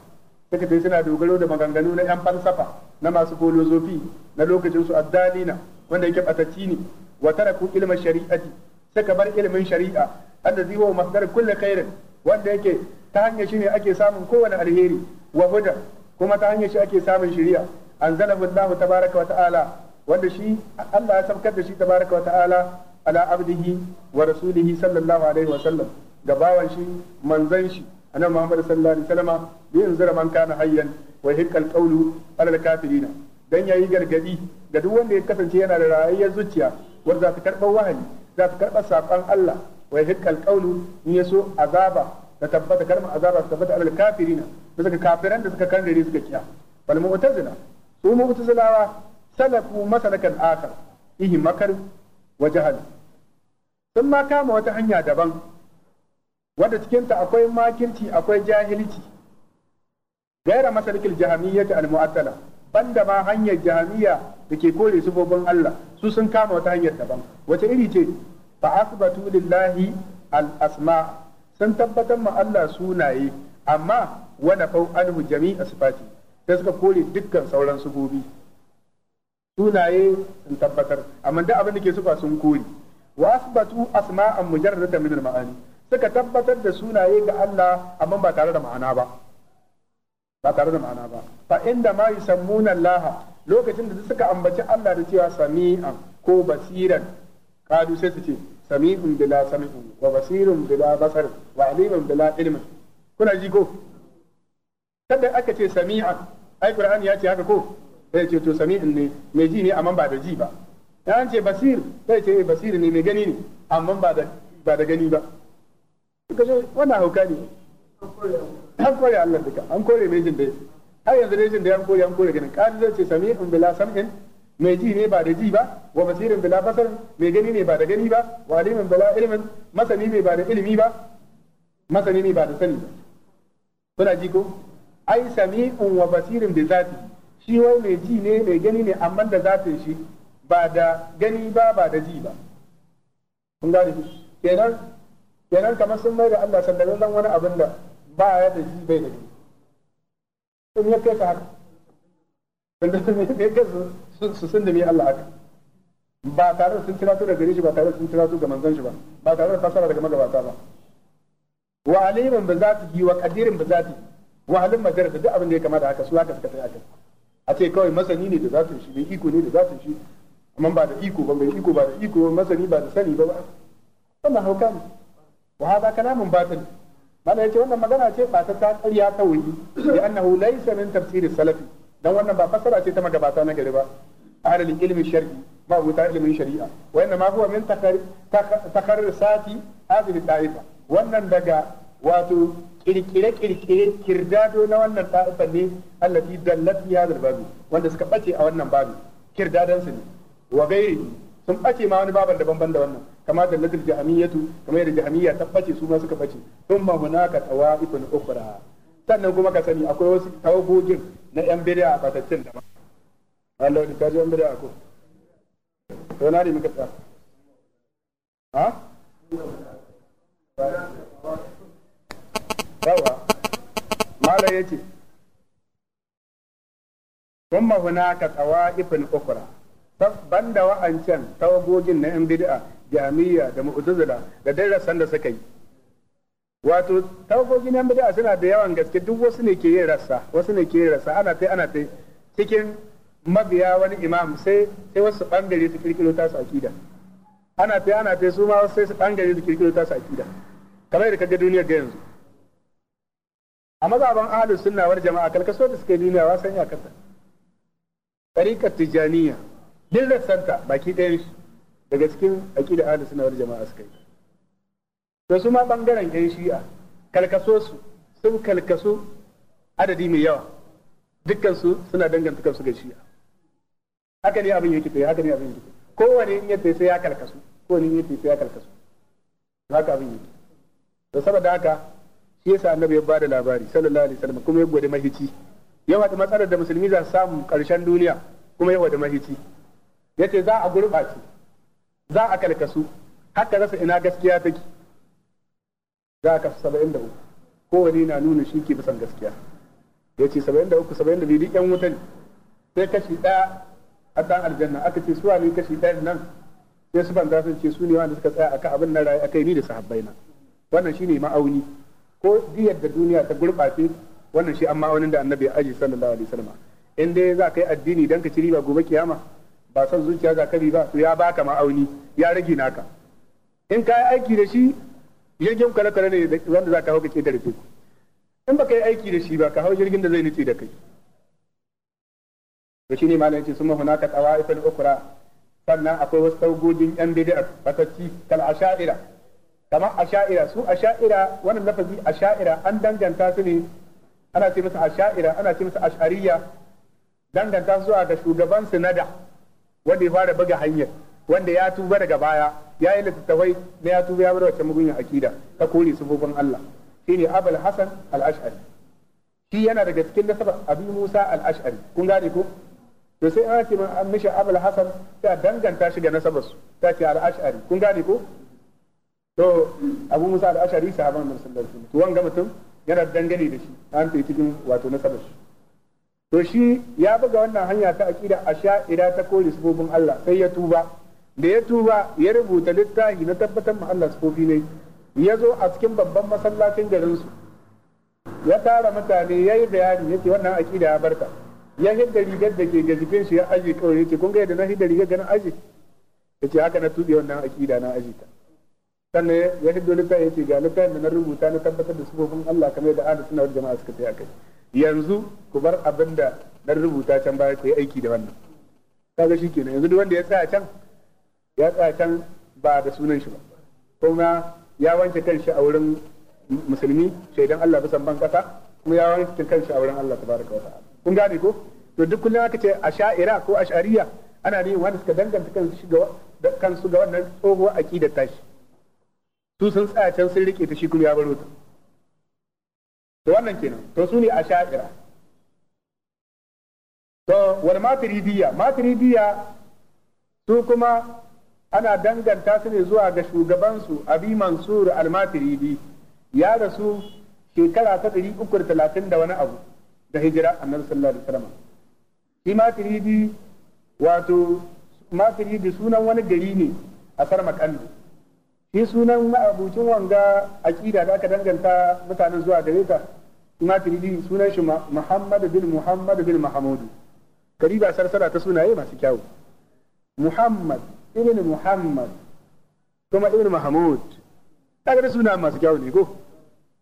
suka dai suna dogaro da maganganu na yan falsafa na masu folozofi na lokacin su addalina wanda yake batacci ne wa taraku ilma shari'ati suka bar ilmin shari'a allazi huwa masdar kulle khairin wanda yake ta hanyar shi ne ake samun kowane alheri wa huda kuma ta hanyar shi ake samun shari'a anzalahu Allahu tabaraka wa ta'ala wanda shi Allah ya saukar da shi tabaraka wa ta'ala ala abdihi wa rasulihi sallallahu alaihi wa sallam ga bawan shi manzon shi annabi Muhammad sallallahu alaihi wasallam bi inzira man kana hayyan wa hikkal qawlu ala kafirina dan yayi gargadi ga duk wanda ya kasance yana da rayayyar zuciya wanda za ta karɓar wahayi za ta karɓar saƙon Allah Wai yahiqqa alqawlu in yaso azaba ta tabbata kalma azaba tabbata alal kafirina da suka kafiran da suka kangare suka kiya bal mu'tazila su mu'tazilawa salaku masalakan akhar ihi makar wa jahal sun ma kama wata hanya daban wadda cikinta akwai makirci akwai jahilci gaira masalikil jahamiyyati al-mu'attala banda ma hanyar jahamiyya da ke kore sufofin Allah su sun kama wata hanyar daban wace iri ce fa asbatu lillahi al asma sun tabbatar ma Allah sunaye amma wa nafau anhu jami'a sifati sai suka kore dukkan sauran sufofi sunaye sun tabbatar amma duk abin da ke sufa sun kore wa asbatu asma'an mujarradatan min al ma'ani suka tabbatar da sunaye ga Allah amma ba tare da ma'ana ba ba tare da ma'ana ba fa inda ma yusammuna Allah lokacin da suka ambaci Allah da cewa sami'an ko basiran kalu sai su ce sami'un bila sami'un wa basirun bila basarin wa alimun bila ilmin kuna ji ko kada aka ce sami'an ai qur'ani ya ce haka ko sai ce to sami'in ne mai ji ne amma ba da ji ba ya ce basir sai ce basir ne mai gani ne amma ba da ba da gani ba suka ce wannan hauka ne an kore Allah duka an kore mai jin dai har yanzu dai jin dai an kore an kore ganin kalu zai ce sami'un bila sam'in mai ji ne ba da ji ba wa basirin bila basar mai gani ne ba da gani ba wa alimin bila ilimin masani ne ba da ilimi ba masani ne ba da sani ba kuna ji ko ai sami'un wa basirin da zati shi wai mai ji ne mai gani ne amma da zatin shi ba da gani ba ba da ji ba kun gane shi kenan kenan kamar sun mai da Allah sallallahu wani abin da ba ya da ji bai da ji in ya kai ka haka su sun da mai Allah haka ba tare da sun kira to da gare shi ba tare da sun kira to ga manzon shi ba ba tare da fasara daga magabata ba wa alimin ba za ta yi wa kadirin ba za ta yi wa halin madarasa duk abin da ya kamata haka su haka suka tsaya kai a ce kawai masani ne da za su shi mai iko ne da za su shi amma ba da iko ba mai iko ba da iko masani ba da sani ba ba wannan hauka ne wa hada kalamun batil mana yace wannan magana ce ba ta tsariya ta wuyi bi annahu laysa min tafsir salafi dan wannan ba fasara ce ta magabata na gari ba ahlul ilmi shar'i ma abuta ilimin shari'a wa inna ma sati min takarrisati hadhihi ta'ifa wannan daga wato kirkire kirkire kirdado na wannan ta'ifa ne allati dallat fi hadhal wanda suka bace a wannan babu kirdadan su ne wa sun ɓace ma wani baban daban-daban da wannan kama da ladil jahamiyatu kama yadda jahamiyya ta ɓace su ma suka bace thumma hunaka tawa'ifun ukhra sannan kuma ka sani akwai wasu tawagogin na yan bid'a batattun daban Allah da kaji wani bid'a ko to na ne muka tsaya ha yawa mala yace kuma hunaka tawaifin ban da wa'ancan tawagogin na yan bid'a jami'a da mu'tazila da darasan da suka yi wato tawagogin yan bid'a suna da yawan gaske duk wasu ne ke yin rassa wasu ne ke yin rassa ana tai ana tai cikin mabiya wani imam sai sai wasu bangare su kirkiro tasu akida ana fi ana ta su ma wasu sai su bangare su kirkiro tasu akida kamar da kaga duniyar ga yanzu a mazaban ahlus sunna war jama'a kalkaso da suke duniya wa sanya iyakarta tariqat tijaniya dillar santa baki ɗayan shi daga cikin aqida ahlus sunna war jama'a suka yi to su ma bangaren yan shi'a kalkaso su sun kalkaso adadi mai yawa dukkan su suna danganta kansu ga shi'a haka ne abin yake tafiya haka ne abin yake kowane in yadda sai ya karkasu kowane in yadda sai ya karkasu haka abin yake da saboda haka shi yasa annabi ya bada labari sallallahu alaihi wasallam kuma ya gode mahici yawa da matsalar da musulmi za su samu karshen duniya kuma yawa da mahici yace za a gurbace za a karkasu haka rasa ina gaskiya take za ka uku, kowane na nuna shi ke bisan gaskiya yace 73 72 duk yan wuta ne sai kashi daya a ɗan aljanna aka ce suwa ne kashi ɗaya nan sai su banza sun ce su ne wanda suka tsaya a kan abin na rayu a kai ni da sahabbai na wannan shi ne ma'auni ko diyar da duniya ta gurɓace wannan shi an ma'aunin da annabi ya aji sallallahu alaihi wasallam in dai za ka yi addini dan ka ci riba gobe kiyama ba son zuciya za ka riba ba to ya baka ma'auni ya rage naka in ka yi aiki da shi jirgin kare kare ne wanda za ka hau ka ce da rufe in ba ka yi aiki da shi ba ka hau jirgin da zai nutse da kai to shine ma yace summa hunaka tawaiful ukra sannan akwai wasu taugogin yan bid'a fatacci kal asha'ira kama asha'ira su asha'ira wannan lafazi asha'ira an danganta su ne ana ce musu asha'ira ana ce musu ash'ariya danganta zuwa ga shugaban sinada wanda ya fara buga hanyar wanda ya tuba daga baya ya yi littattafai na ya tuba ya bar wacce mugunyar akida ta kore sufofin Allah shine Abul Hasan al-Ash'ari shi yana daga cikin nasabar Abi Musa al-Ash'ari kun gane ko to sai an ce an mishi abul hasan ta danganta shi ga nasabar su ta ce al-ash'ari kun gane ko to abu musa al-ash'ari sahaban manzon sallallahu alaihi to wanga mutum yana dangane da shi an ta cikin wato nasabar shi to shi ya buga wannan hanya ta aqida ida ta kore sifofin Allah sai ya tuba da ya tuba ya rubuta littafi na tabbatar ma Allah sifofi ne ya zo a cikin babban masallacin garinsu ya tara mutane ya yi bayani ya wannan aqida ya barka ya hidda rigar da ke gazifin shi ya aje kawai yace kun ga yadda na hidda rigar ganin aje yace haka na tuɗe wannan aqida na aje ta sannan ya hiddo littafi yace ga littafin da na rubuta na tabbatar da sufofin Allah kamar yadda ahlus suna wal jama'a suka a akai yanzu ku bar abin da na rubuta can baya ku yi aiki da wannan kaga shikenan yanzu duk wanda ya tsaya can ya tsaya can ba da sunan shi ba kuma ya wanke kanshi a wurin musulmi shaidan Allah bisan ban kasa kuma ya wanke kanshi a wurin Allah tabaraka wa ta'ala kun gane ko to duk kullum aka ce asha'ira ko ash'ariya ana ne wanda suka danganta kansu shiga kansu ga wannan tsohuwar aqidar tashi su sun tsaya can sun rike ta shi kuma ya baro ta to wannan kenan to su ne asha'ira to wal maturidiyya maturidiyya su kuma ana danganta su ne zuwa ga su abi mansur al-maturidi ya rasu shekara ta 330 da wani abu da hijira annabi sallallahu alaihi wasallam shi matiridi wato matiridi sunan wani gari ne a sarmakandu shi sunan ma'abucin wanga aqida da aka danganta mutanen zuwa gare ta matiridi sunan shi muhammad bin muhammad bin mahamudu ba sarsara ta sunaye masu kyawu muhammad ibn muhammad kuma ibn mahamud kaga suna masu kyawu ne ko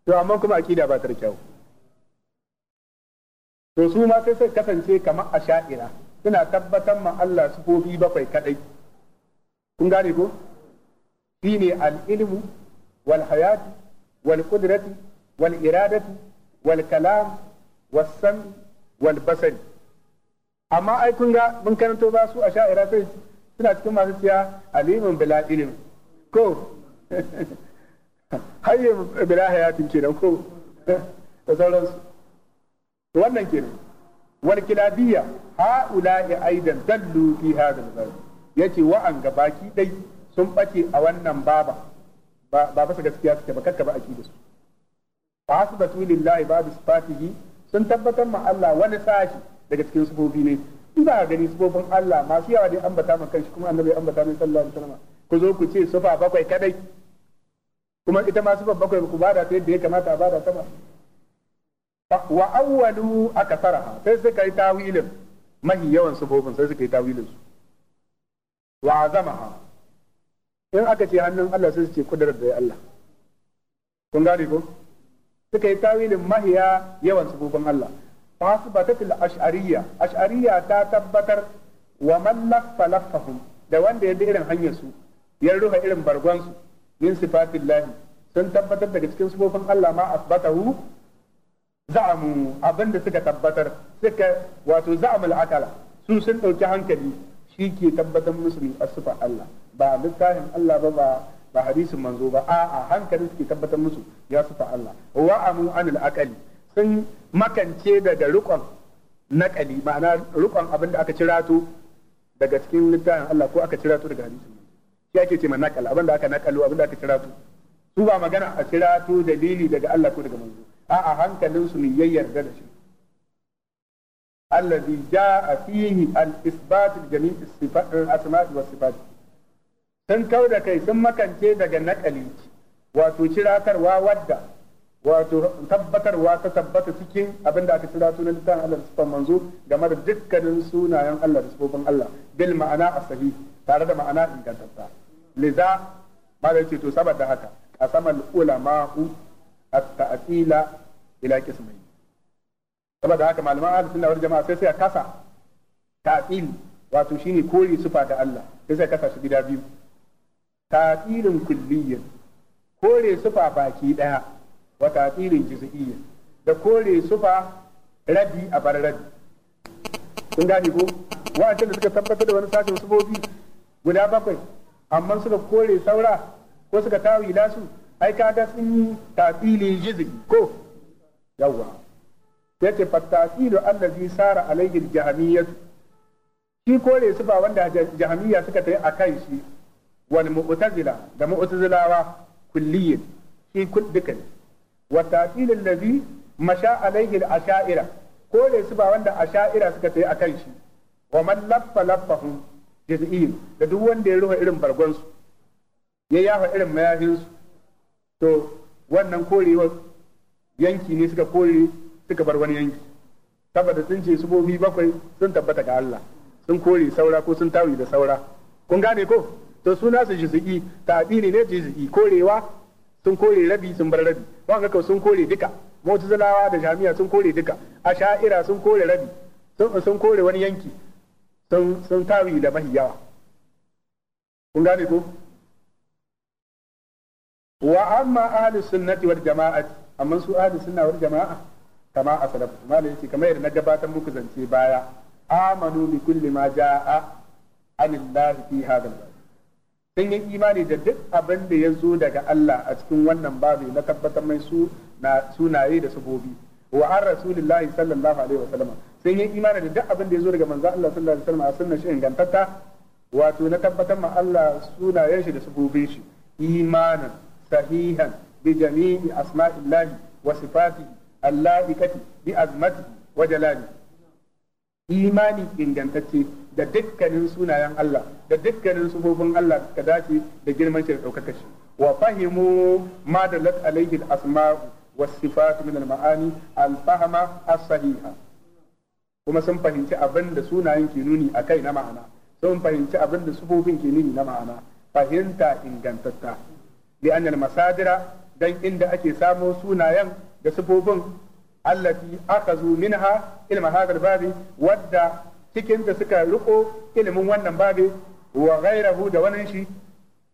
to amma kuma aqida ba ta da kyawu to su ma sai sai kasance kamar a sha'ira suna tabbatar ma Allah su sufofi bakwai kadai kun gane ko shine al-ilmu wal hayatu wal qudratu wal iradatu wal kalam was sam wal basari amma ai kun ga mun karanto ba su a sha'ira sai suna cikin masu siya alimun bila ilimi ko (laughs) hayyin bila hayatin kenan ko (laughs) da sauransu wannan kenan wal kilabiyya haula'i aidan dallu fi hadha al yace wa an ga baki dai sun bace a wannan baba ba ba su gaskiya suke ba kakka ba akida su fa asbatu lillahi babu sifatihi sun tabbatar ma Allah wani sashi daga cikin sufofi ne in ba gani sufofin Allah masu yawa dai ambata ma kanshi kuma annabi ambata ne sallallahu alaihi wasallam ku zo ku ce sifa bakwai kadai kuma ita ma sifa bakwai ku bada ta yadda ya kamata a bada ta ba wa awwalu akasaraha sai suka yi tawilin mahi yawan sufofin sai suka yi tawilin su wa azamaha in aka ce hannun Allah sai su ce kudarar da ya Allah kun gane ko suka yi tawilin mahi yawan sufofin Allah fasbatatil ash'ariyya ash'ariyya ta tabbatar wa man laffa laffahum da wanda ya bi irin hanyar su ya ruha irin bargon su min sifatillahi sun tabbatar daga cikin sufofin Allah ma asbatahu za'amu da suka tabbatar suka wato za'amul akala su sun dauki hankali shi ke tabbatar musu asufa Allah ba littafin Allah ba ba ba hadisin manzo ba a'a hankali suke tabbatar musu ya sufa Allah wa'amu anil akali sun makance daga rukon naƙali ma'ana rukon abin da aka cirato daga cikin littafin Allah ko aka cirato daga hadisin shi ake ce ma naƙal abin da aka naƙalo abin da aka cirato su ba magana a cirato dalili daga Allah ko daga manzo a'a hankalinsu ne ya yarda da shi allazi jaa fihi al-isbat jami' al-asma'i was sifat sun kau da kai sun makance daga nakali wato ciratarwa wadda wato tabbatarwa ta tabbata cikin abin da aka kira sunan littafin Allah da sifan manzo game da dukkanin sunayen Allah da sifofin Allah bil ma'ana asahi tare da ma'ana ingantatta liza malai ce to saboda haka qasamal ulama'u at-ta'tila ila qismai saboda haka malaman ahlus sunna wal jama'a sai sai kasa ta'til wato shine kore sufa ta Allah sai sai kasa su gida biyu ta'tilin kulliyyan kore sufa baki daya wa ta'tilin juz'iyyan da kore sufa rabi a bar rabi kun gane ko wa'anda da suka tabbatar da wani sashen sufofi guda bakwai amma suka kore saura ko suka tawila su ai ka ga sun yi tafili jizgi ko yawa yace fattafilu allazi sara alaihi Jahamiyatu shi kore su ba wanda jahmiya suka a kan shi wani mu'tazila da mu'tazilawa kulliyin shi dukkan wa tafil allazi masha alaihi a ashaira kore su ba wanda asha'ira suka a kan shi wa man laffa laffahum jiz'in da duk wanda ya ruwa irin bargonsu ya yafa irin mayafinsu to wannan korewa yanki ne suka kore suka bar wani yanki saboda sun ce subobi bakwai sun tabbata ga Allah sun kore saura ko sun tawi da saura kun gane ko to suna su jiziki tabiri ne jiziki korewa sun kore rabi sun bar rabi wanda ka sun kore duka mu'tazilawa da jami'a sun kore duka asha'ira sun kore rabi sun kore wani yanki sun tawi da mahiyawa kun gane ko wa amma ahli sunnati wal jama'a amma su ahli sunna wal jama'a kama asalaf malai yace kamar yadda na gabatar muku zance baya amanu bi kulli ma jaa anillahi fi hadal sun yi imani da duk abin da ya zo daga Allah a cikin wannan babu na tabbatar mai su na sunaye da sabobi wa an rasulullahi sallallahu alaihi sallam sun yi imani da duk abin da ya zo daga manzo Allah sallallahu alaihi wa sallam a sunna shi ingantatta wato na tabbatar ma Allah sunayen shi da sabobin shi imanin. صحيحا بجميع أسماء الله وصفاته اللائقة بأزمته وجلاله imani ingantacce da dukkanin sunayen Allah da dukkanin sufofin Allah ka dace da girman shi da daukakar shi wa fahimu ma dalat alaihi al-asma'u was sifatu min al-ma'ani al-fahma as-sahiha kuma sun fahimci abin da sunayen ke nuni akai na ma'ana sun fahimci abin da sufofin ke nuni na ma'ana fahimta ingantatta bi annal masadira dan inda ake samo sunayen da sifofin allati akhazu minha ilma hadal babi wadda cikin da suka riƙo ilimin wannan babi wa ghairahu da wannan shi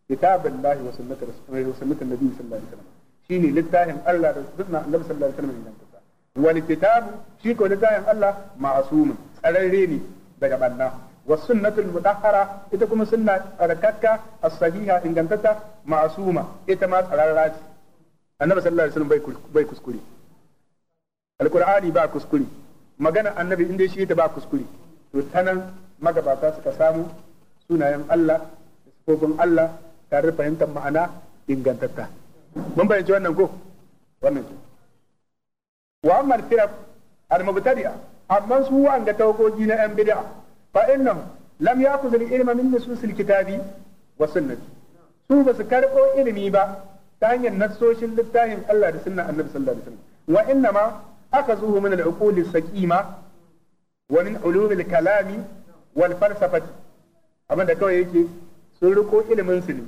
kitabullahi wa sunnatu rasulihi wa sunnatu nabi sallallahu alaihi wasallam littafin Allah da sunna annabi sallallahu alaihi wasallam wal kitabu shi ko littafin Allah masu tsararre ne daga banna wa sunnatul mutahhara ita kuma sunna tsarkakka as-sahiha ingantata ma'suma ita ma tsararra ce annabi sallallahu alaihi bai kuskure alƙur'ani ba kuskure magana annabi inda shi ta ba kuskure to tanan magabata suka samu sunayen Allah da sifofin Allah tare da fahimtar ma'ana ingantatta mun bayyance wannan ko wannan wa amma al-firaq al-mubtadi'a amma su wa'anda tawagogi na yan bid'a fa lam ya al-ilma min nusus kitabi wa su ba su karɓo ilimi ba ta hanyar nassoshin littafin Allah da sunnan Annabi sallallahu alaihi wasallam wa inna ma aka min al-uqul as-saqima wa min ulum al-kalami wal falsafati abinda kawai yake sun riko ilimin su ne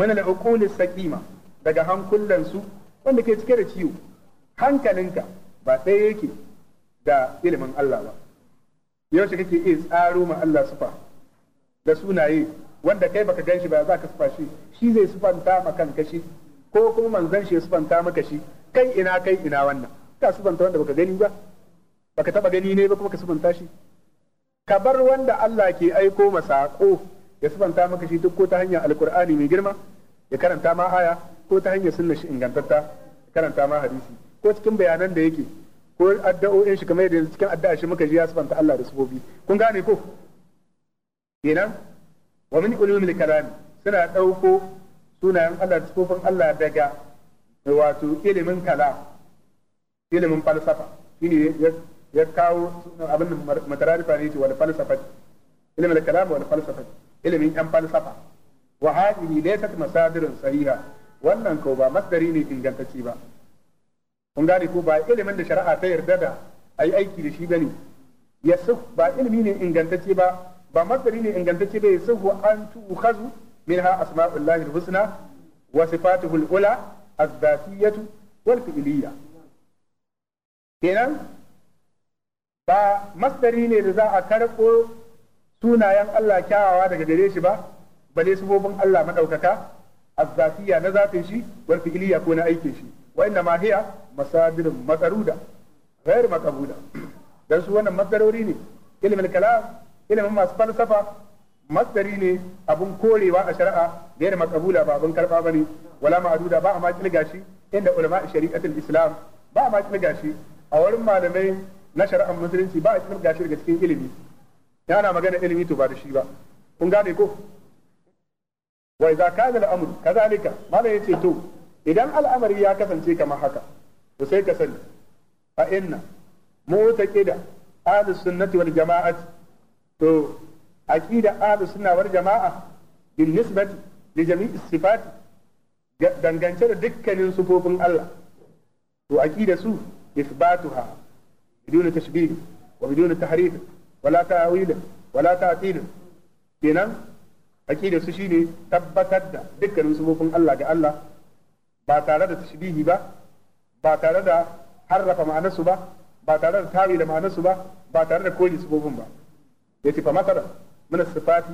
min al-uqul saqima daga hankulan su wanda ke cike da ciwo hankalinka ba ɗaya yake da ilimin Allah ba yaushe kake iya tsaro ma Allah sufa da sunaye wanda kai baka ganshi ba za ka sufa shi shi zai sufanta ma kanka shi ko kuma manzon shi ya sufanta maka shi kai ina kai ina wannan ka sufanta wanda baka gani ba baka taba gani ne ba kuma ka sufanta shi ka bar wanda Allah ke aiko ma sako ya sufanta maka shi duk ko ta hanyar alkur'ani mai girma ya karanta ma aya ko ta hanyar sunna shi ingantatta karanta ma hadisi ko cikin bayanan da yake ko addu'o'in shi kamar yadda cikin addu'a shi muka ji ya sabanta Allah da sufofi kun gane ko kenan wa min ulumil kalami suna dauko sunayen Allah da sufofin Allah daga wato ilimin kalam ilimin falsafa shine ya kawo abin da matararifa ne ce wal falsafa ilimin kalam wal falsafa ilimin yan falsafa wa hadhihi laysat masadirun sahiha wannan ko ba masdari ne ingantacce ba kun gane ko ba ilimin da shari'a ta yarda da a yi aiki da shi bane yasuf ba ilimi ne ingantacce ba ba masari ne ingantacce ba yasuhu an tu'khazu minha asma'ullahi al-husna wa sifatuhu al-ula az wal fi'liyya kenan ba masdari ne da za a karɓo sunayen Allah kyawawa daga gare shi ba bale sifofin Allah madaukaka azzafiya na zafin shi wal fi'liyya ko na aikin shi wa inna ma hiya masadirun maqaruda ghair maqbuda su wannan masdarori ne ilmin kalam ilmin masu falsafa masdari ne abun korewa a shari'a ghair maqbula ba abun karba bane wala ma'duda ba a ma kilga inda ulama shari'atul islam ba a ma kilga a wurin malamai na shari'ar musulunci ba a kilga shi daga cikin ilimi yana magana ilimi to ba da shi ba kun gane ko wa idza kana al-amru kadhalika malam yace to idan al'amari ya kasance kamar haka to sai ka sani a inna mu'taqida ahlus sunnati wal jama'ati to aqida ahlus sunna wal jama'a bin nisbati li jami'i sifati dangance da dukkanin sufofin Allah to aqida su isbatuha bidun tashbih wa bidun tahrif wala ta'wil wala ta'til kenan aqida su shine tabbatar da dukkanin sufofin Allah ga Allah ba tare da tashbihi ba ba tare da harrafa ma'anarsu ba ba tare da da ma'anarsu ba ba tare da koli sifofin ba yace fa masara min sifati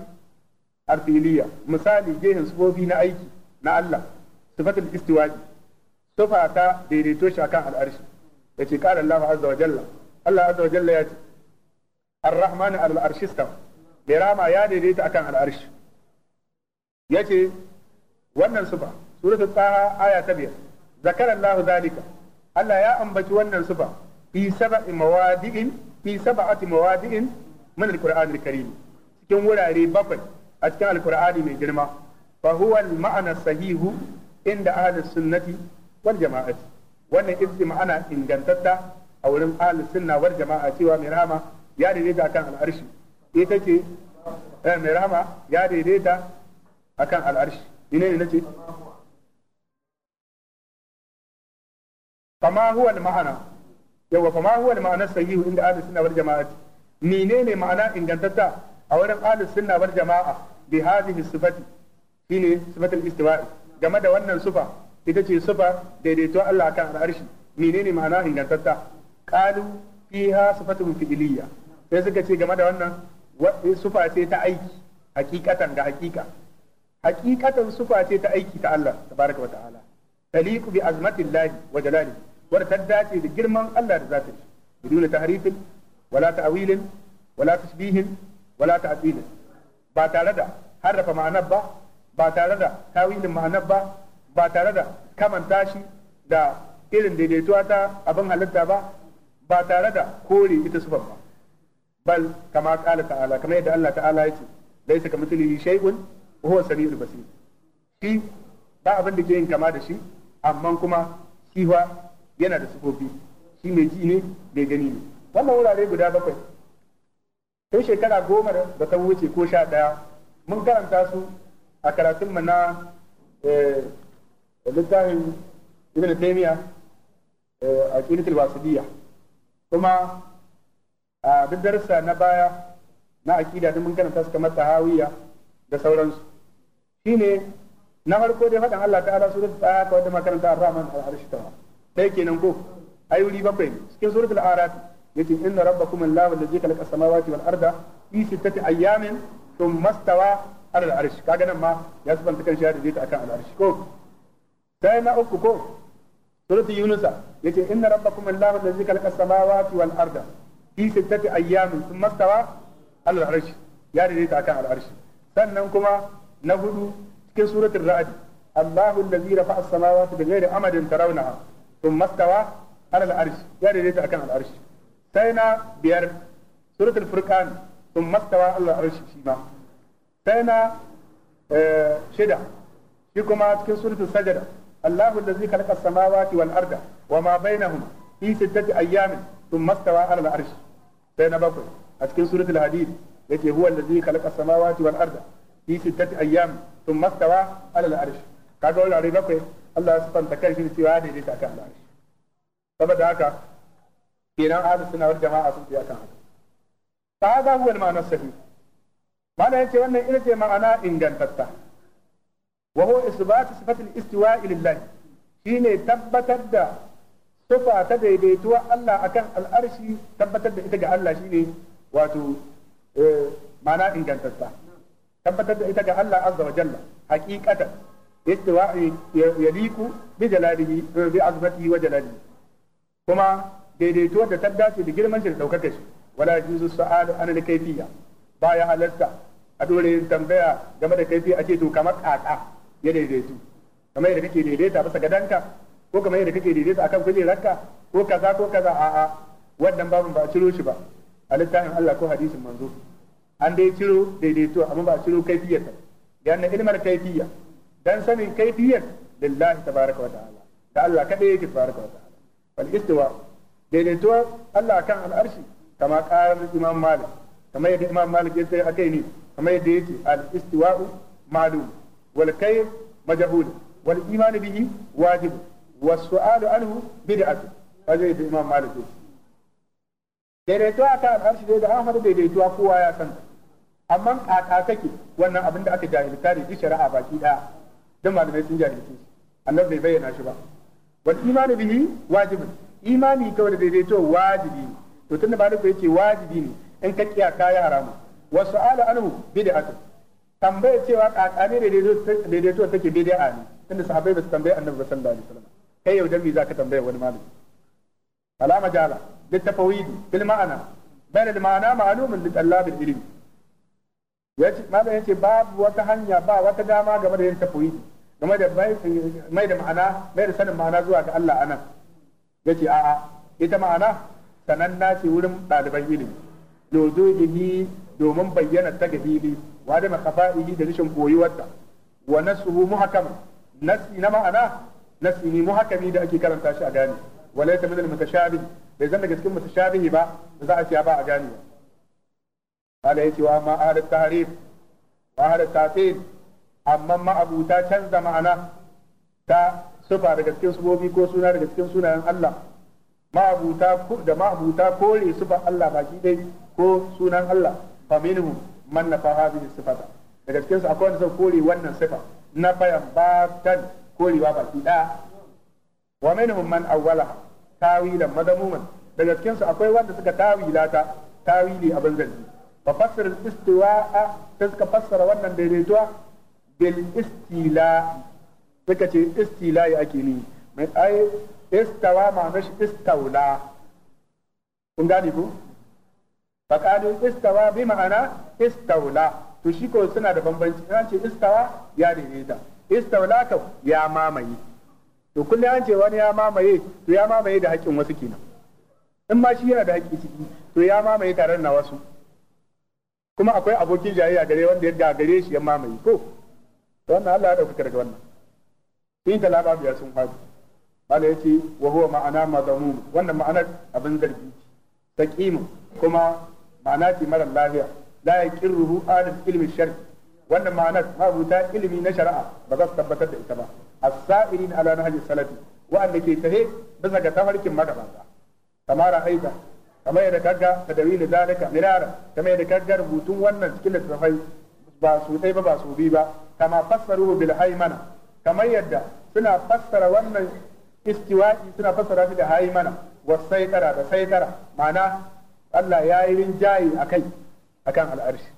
arfiliya misali gehen sifofi na aiki na Allah sifatul istiwa'i sifa ta daidaito shi akan al'arshi yace qala Allah azza wa jalla Allah azza wa jalla yace ar-rahmanu al-arshi istawa rama ya daidaita akan al'arshi yace wannan sifa suratul taha aya ta biyar zakara Allah zalika Allah ya ambaci wannan sufa fi sab'i mawadi'in fi sab'ati mawadi'in min al-Qur'an al-Karim cikin wurare bakwai a cikin al-Qur'ani mai girma fa huwa al-ma'na sahihu inda ahli sunnati wal jama'ati wannan izzi ma'ana ingantatta a wurin ahli sunna wal jama'a cewa mai rahama ya daidaita akan al'arshi eh, ina ne nace fama huwa al-ma'ana yawa fama huwa al-ma'ana sahihu inda ahlus sunna wal jama'ati menene ma'ana ingantatta a wurin ahlus sunna bar jama'a bi hadhihi sifati game da wannan sufa ita ce sufa daidaito Allah kan arshi, menene ma'ana ingantatta qalu fiha sifatun fi'liyya sai suka ce game da wannan sufa ce ta aiki hakikatan ga hakika hakikatan sufa ce ta aiki ta Allah tabaraka wa ta'ala taliqu bi azmatillahi wa jalalihi wadda ta dace da girman Allah da zatin shi biduna tahrifin wala ta'wilin wala tasbihin wala ta'dilin ba tare da harrafa ma'anar ba ba tare da tawilin ma'anar ba ba tare da kamanta shi da irin daidaituwa ta abin halitta ba ba tare da kore ita sufan ba bal kama kala ta'ala kamar yadda Allah ta'ala ya ce laisa kamithlihi shay'un wa huwa samiul basir shi ba abin da ke yin kama da shi amma kuma shi yana da sufofi shi mai ji ne mai gani ne wannan wurare guda bakwai tun shekara goma da ta wuce ko sha ɗaya mun karanta su a karatun mu na eh, littafin ibn taymiya eh, a kiritul wasidiyya kuma a duk darussa na baya na akida da mun karanta su kamar tahawiyya da sauransu shine na farko dai faɗin Allah ta'ala suratul ta wadda makaranta ar-rahman al-arsh sai kenan ko ayoyi bakwai ne cikin suratul araf yace inna rabbakum allahu allazi khalaqa samawati wal arda fi sittati ayyamin thumma istawa ala al-arsh kaga nan ma ya subanta kan shi da zai akan al-arsh ko sai na uku ko suratul yunusa yace inna rabbakum allahu allazi khalaqa samawati wal arda fi sittati ayyamin thumma istawa ala al-arsh ya daidaita akan al-arsh sannan kuma na hudu cikin suratul ra'd Allahu allazi rafa'a as-samawati bighairi amadin tarawnaha ثم استوى على العرش يعني ليس أكان على العرش سينا بير سورة الفرقان ثم استوى على العرش شيما سينا اه شدة فيكم في سورة السجدة الله الذي خلق السماوات والأرض وما بينهما في ستة أيام ثم استوى على العرش سينا بقول أتكن سورة الحديد التي هو الذي خلق السماوات والأرض في ستة أيام ثم استوى على العرش كذا الله Allah ya sifanta kanshi da cewa daidaita kan Allah saboda haka kenan ahlus sunna wal jama'a sun tsaya kan haka fa hada huwa al-ma'na sahih mana yace wannan ita ce ma'ana ingantatta wa huwa isbatu sifatil istiwa'i lillah shine tabbatar da sufa ta daidaituwa Allah akan al'arshi tabbatar da ita ga Allah shine wato eh, ma'ana ingantatta tabbatar da ita ga Allah azza wa jalla haqiqatan ya liku bi jalalihi eh, bi azmatihi wa jalalihi kuma daidaito da ta dace da girman shi da daukaka shi wala yuzu sa'alu an al kaifiya baya halatta a dole tambaya game da kaifi a ce to kamar kaka ya daidaitu kamar yadda kake daidaita bisa gadanka ko kamar yadda kake daidaita akan kujerarka ko kaza ko kaza a'a wannan babin ba a ciro shi ba a littafin Allah ko hadisin manzo an dai ciro daidaito amma ba a ciro kaifiyarsa yana ilmar kaifiyya dan sanin kai diyan lillahi tabaraka wa ta'ala da Allah kada yake tabaraka wa ta'ala wal istiwa daidaituwa Allah kan al'arshi kama qarar imam malik kama yadda imam malik ya sai akai ni kama yadda yake al istiwa ma'lum wal kai majhul wal iman bihi wajib was su'al anhu bid'atu kaje da imam malik ya daidaituwa kan al'arshi dai da an fara daidaituwa kowa ya san amma a kake wannan abin da aka jahilta da shari'a baki daya dan malamai sun jahilci annabi bai bayyana shi ba wal imanu bihi wajibin imani kawai da daidaito wajibi ne to tunda malamai yace wajibi ne in ka kiya kaya haramu wa su'alu anhu bid'atu tambaya cewa kakane daidaito daidaito take bid'a ne tunda sahabbai ba su tambaye annabi ba sallallahu alaihi wasallam kai yau dan me zaka tambaya wani malami alama jala للتفويض بالمعنى بل المعنى معلوم لطلاب العلم yace malam yace babu wata hanya ba wata dama game da yin tafwidi game da mai da ma'ana mai da sanin ma'ana zuwa ga Allah anan yace a'a ita ma'ana na ce wurin ɗaliban ilimi lozuhihi domin bayyana ta ga fili wa da makafa'ihi da rashin koyuwarta wa nasuhu muhakam nasi na ma'ana nasi ne muhakami da ake karanta shi a gane wala ta minal mutashabih bai zama daga cikin mutashabihi ba da za a ce ba a gane ba ala yace wa ma ahad at-tahrif amma ma'abuta canza ma'ana ta sufa daga cikin sufofi ko suna daga cikin sunayen Allah ma'abuta da ma'abuta kore sufa Allah baki dai ko sunan Allah fa minhu man nafa hadhihi sifata daga cikin su akwai wanda suka kore wannan sifa na bayan batan korewa ba. da wa minhum man awwala tawilan madamuman daga cikin su akwai wanda suka tawila ta tawili abin zanji fa fassara istiwa'a sai suka fassara wannan daidaituwa bil istila suka ce istila ya ake ni mai ai istawa ma'anar shi istaula kun gane ku faqalu istawa bi ma'ana istaula to shi ko suna da bambanci an ce istawa ya daidaita istaula ka ya mamaye to kullum an ce wani ya mamaye to ya mamaye da haƙƙin wasu kenan in ma shi yana da haƙƙi ciki to ya mamaye tare na wasu kuma akwai abokin jayayya gare wanda ya gagare shi ya mamaye ko wannan Allah ya dauka daga wannan in ta laba biya sun fadi mala yace wa huwa ma'ana mazamum wannan ma'anar abin zargi taqim kuma ma'ana ce lafiya la yaqirruhu alil ilmi shar'i wannan ma'anar mabuta ilimi na shari'a ba za su tabbatar da ita ba as-sa'irin ala nahji salafi wa'anda ke tahe bisa ga tafarkin magabata kamar aida kamar yadda kaga tadawil zalika mirara kamar yadda kaga rubutun wannan cikin littafai ba su dai ba ba su bi ba kama fassara bil haimana kamar yadda suna fassara wannan istiwa'i suna fassara shi da haimana wa saitara da saitara ma'ana Allah ya yi jayi akai akan al'arshi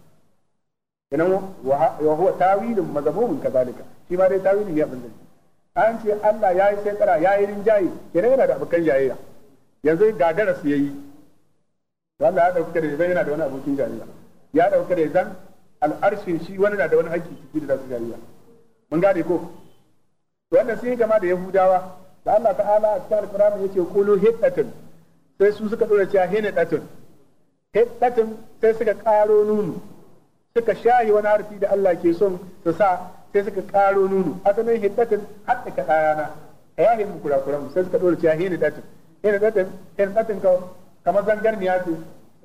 kenan wa huwa tawilun mazhabun kadalika shi ma dai tawili ne abin da an ce Allah ya yi saitara ya yi rinjaye kenan yana da abokan jayayya yanzu ga darasi yayi to Allah ya dauke da yana da wani abokin jayayya ya dauke da zan al'arshin shi wani na da wani haƙƙi ciki da za su jariya mun gane ko to wannan sun yi gama da yahudawa da Allah ta'ala a cikin alƙur'ani yace kulu hiddatun sai su suka dora cewa hidatun hiddatun sai suka ƙaro nunu suka shahi wani harfi da Allah ke son su sa sai suka ƙaro nunu asalin hidatun haɗa ka ɗayana a yahin mu kurakuran sai suka dora cewa hidatun hidatun hidatun kamar zangarniya ce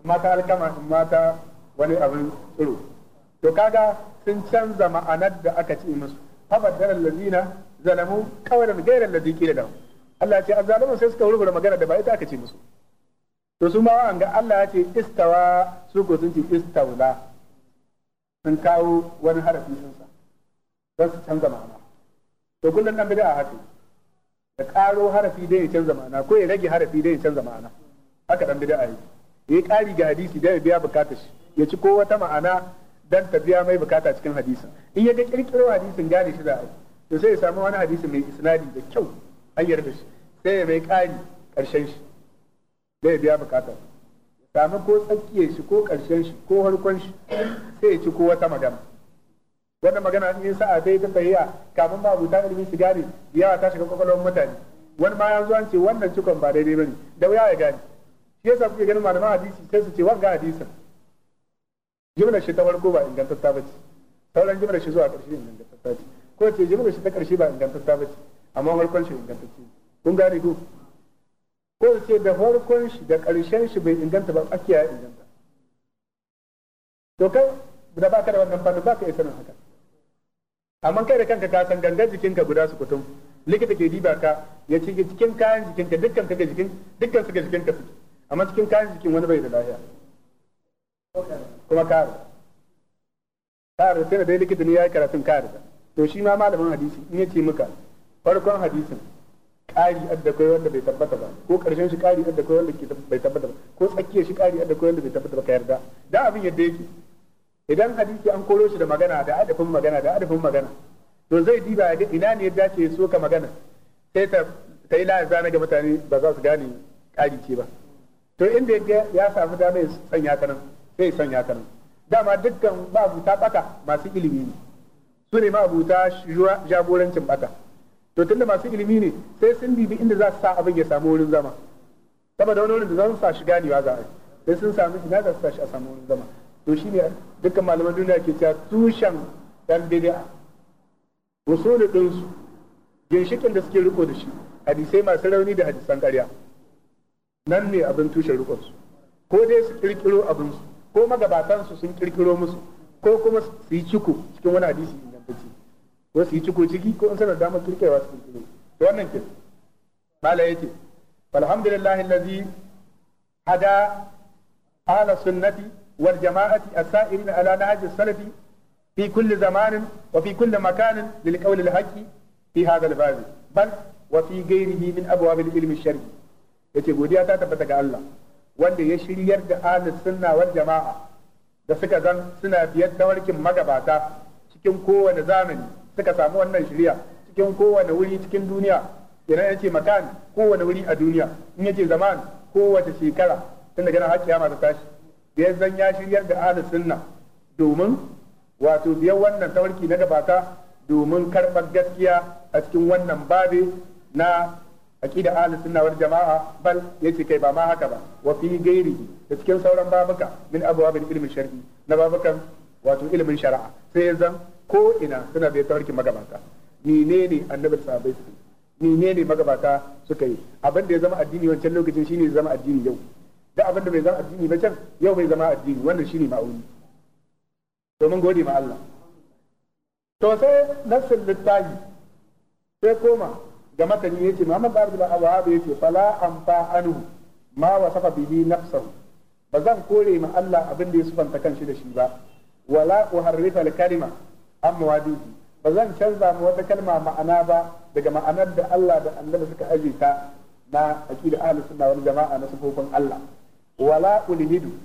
mata alkama mata wani abin tsoro to kaga sun canza ma'anar da aka ce musu fabaddala allazina zalamu da ghayra allazi qila da Allah ce azalamu sai suka rubuta magana da ba ita aka ce musu to su ma an ga Allah ya ce istawa su ko sun ce istawla sun kawo wani harafi sun sa don su canza ma'ana to kullum dan bid'a haka da karo harafi dai ya canza ma'ana ko ya rage harafi dai ya canza ma'ana haka dan bid'a yi yi kari ga hadisi dai ya biya bukatar shi ya ci ko wata ma'ana dan ta biya mai bukata cikin hadisin in ya ga kirkiro hadisin gane shi da a to sai ya samu wani hadisi mai isnadi da kyau hanyar da shi sai ya mai kari karshen shi zai biya bukata ya samu ko tsakiyar shi ko karshen shi ko harkon shi sai ya ci ko wata magana wannan magana in sa'a sai ta bayyana kafin ba abuta ilimi su gane yawa ta shiga kwakwalwar mutane wani ma yanzu an ce wannan cikon ba daidai ne da wuya ya gane shi yasa kuke ganin malaman hadisi sai su ce wanga hadisin jimlar shi ta farko ba ingantatta ba ce sauran jimlar shi zuwa ƙarshe ingantatta ce ko ce jimlar shi ta ƙarshe ba ingantatta ba ce amma farkon shi ingantacce kun gane ku ko ce da farkon shi da ƙarshen shi bai inganta ba ake ya inganta to kai da ka da wannan ba ka iya sanin haka amma kai da kanka ka san gangan jikinka guda su kutum likita ke diba ka ya ce cikin kayan jikinka dukkan ka ga jikin dukkan su ga jikinka su amma cikin kayan jikin wani bai da lafiya kuma karu karu tana dai likita ne ya yi karatun karu to shi ma malamin hadisi in ya ce muka farkon hadisin ƙari adda kai wanda bai tabbata ba ko ƙarshen shi ƙari adda kai wanda bai tabbata ba ko tsakiyar shi ƙari adda kai wanda bai tabbata ba ka yarda da abin yadda yake idan hadisi an koro shi da magana da adafin magana da adafin magana to zai diba ga ina ne ya dace ya soka magana sai ta ta yi la'aza na ga mutane ba za su gane kari ce ba to inda ya samu dama ya sanya ka nan sai sanya ka nan dama dukkan mabuta baka masu ilimi ne su ne mabuta jagorancin baka to tunda masu ilimi ne sai sun bibi inda za su sa abin ya samu wurin zama saboda wani wurin da za su sa shi ganewa za a sai sun samu ina za su sa shi a samu wurin zama to shine dukkan malaman duniya ke cewa tushen dan bid'a usul din su ginshikin da suke riko da shi hadisai masu rauni da hadisan ƙarya nan ne abin tushen rikon su ko dai su kirkiro abin su ko magabatan su sun kirkiro musu ko kuma su yi ciko cikin wani hadisi ingantacce ko su yi ciko ciki ko in sanar damar kirkewa su kirkiro to wannan ke mala yace alhamdulillahi allazi hada ala sunnati wal jama'ati as-sa'irin ala nahji salafi fi kulli zamanin wa fi kulli makanin lil qawli al haqqi fi hadha al bab bal wa fi ghayrihi min abwab al ilmi al shar'i yace godiya ta tabbata ga Allah wanda ya shiryar da ahlus sunna wal jama'a da suka zan suna biyar tawarkin magabata cikin kowane zamani suka samu wannan shirya cikin kowane wuri cikin duniya idan yace makan kowane wuri a duniya in yace zaman kowace shekara tun daga nan har kiyama ta tashi biyar zan ya shiryar da ahlus sunna domin wato biyar wannan tawarki na gabata domin karɓar gaskiya a cikin wannan babe na aqida ahli sunna wal jamaa bal yace kai ba ma haka ba wa fi gairi da cikin sauran babuka min abwabil ilmi shar'i na babukan wato ilmin shari'a sai zan ko ina suna bai tawarki magabata menene annabi sahabbai suke menene magabata suka yi abin da ya zama addini wancan lokacin shine ya zama addini yau da abin da bai zama addini ba can yau bai zama addini wannan shine ma'auni domin gode ma Allah to sai nasul littafi sai koma da makani yace Muhammad bin Abdul Wahhab yace fala fa anu ma wasafa bihi nafsahu ba zan kore ma Allah abin da ya sufanta kanshi da shi ba wala uharrifa al-kalima an mawadihi ba zan canza ma wata kalma ma'ana ba daga ma'anar da Allah da Annabi suka ajiye ta na aqida ahlus sunna wal jama'a na sufofin Allah wala ulhidu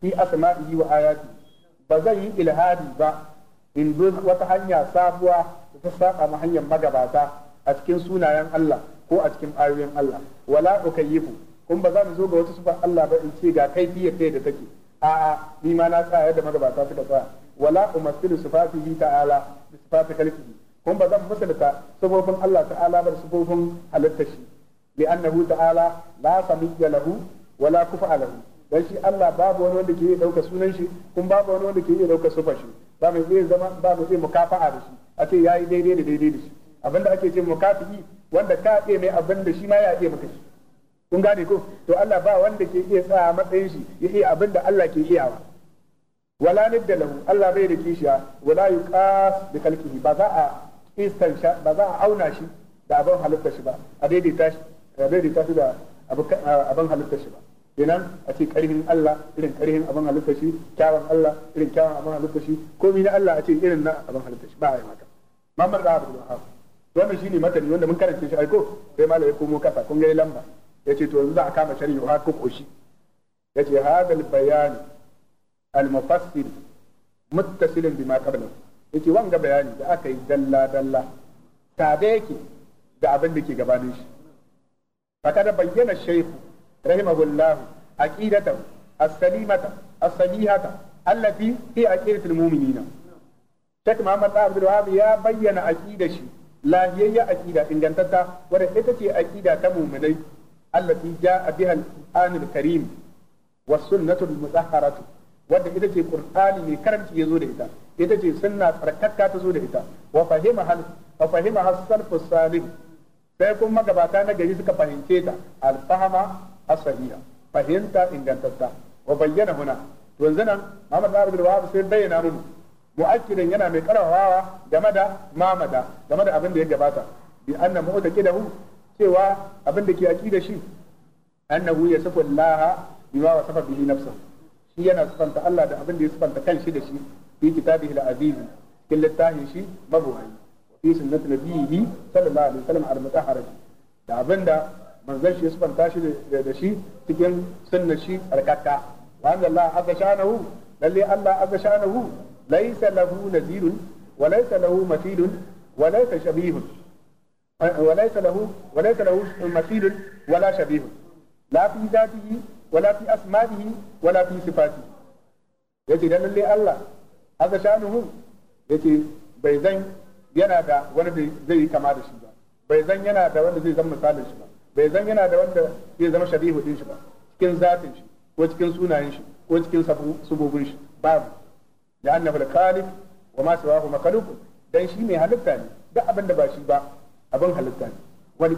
fi asma'ihi wa ayati ba zan yi ilhadi ba in wata hanya sabuwa da ta saba ma hanyar magabata a cikin sunayen Allah ko a cikin ayoyin Allah wala ukayyifu kun ba za mu zo ga wata sifar Allah ba in ce ga fiye ta da take a'a ni ma na tsaya da magabata suka tsaya wala umassilu sifatihi ta'ala bi sifati khalqihi kun ba zan misalta sifofin Allah ta'ala bar sifofin halitta shi annahu ta'ala la samiyya lahu wala kufa lahu dan shi Allah babu wani wanda ke iya dauka sunan shi kun babu wani wanda ke iya dauka sifar shi ba mai iya zama ba mai iya mukafa'a da shi a ce yayi daidai da daidai da shi da ake ce mukafi'i wanda ka iya mai da shi ma ya iya maka shi kun gane ko to Allah ba wanda ke iya tsaya matsayin shi ya iya da Allah ke iyawa wala nidda lahu Allah bai da kishiya wala yuqas bi khalqihi ba za a istansha ba za a auna shi da abin halitta shi ba a daidaita shi a daidaita shi da abin halitta shi ba kenan a ce karhin Allah irin karhin abin halitta shi kyawun Allah irin kyawun abin halitta shi komai na Allah a ce irin na abin halitta shi ba a yi maka Muhammad da Abdul Wahab wannan shine matani wanda mun karance shi aiko sai malai komo kasa kun ga lamba ce to yanzu za a kama sharhi ha ko koshi yace hadha al bayan al mufassil muttasilin bima Ya ce wanga bayani da aka yi dalla dalla tabe yake da abin da ke gabanin shi fakada bayyana shaykhu rahimahullah aqidatahu as-salimata as-sahihata allati fi aqidatil mu'minina Sheikh Muhammad Abdul Wahab ya bayyana aqidar shi lahiyayya aqida ingantatta wadda ita ce aqida ta mu'minai allati ja'a biha al-qur'anul karim was sunnatul mutahharatu wadda ita ce qur'ani mai karanci yazo da ita ita ce sunna tsarkakka ta zo da ita wa fahima hal wa fahima sai kuma magabata na gari suka fahimce ta al-fahama fahimta ingantatta wa bayyana huna yanzu nan Muhammad Abdul Wahab sai bayyana mun mu'akkidan yana mai karawawa game da mamada game da abin da ya gabata bi anna mu'taqidahu cewa abin da ke da shi annahu yasifu Allah bima wasafa bihi nafsa shi yana sifanta Allah da abin da ya sifanta kanshi da shi fi kitabihi al-aziz cikin littafin shi mabuhai fi sunnat nabiyhi sallallahu alaihi wasallam al-mutahhar da abin da manzon shi ya sifanta shi da shi cikin sunnar shi alkakka wa anna Allah azza shanahu lalle Allah azza shanahu ليس له nazirun wa له مثيل وليس wa وليس له وليس له مثيل ولا شبيه لا في ذاته ولا في ولا في صفاته يجي الله هذا يجي lalle Allah aka shanuhu yace bai zan yana da wanda zai kama da shi ba bai zan yana da wanda zai zama misalin shi ba bai zan yana da wanda zai zama shabihu shi ba cikin zatin shi ko cikin sunayen shi ko cikin sabobin shi babu da annahu al-khaliq wa ma siwahu makhluq dan shi mai halitta ne duk abin ba shi ba abin halitta ne wal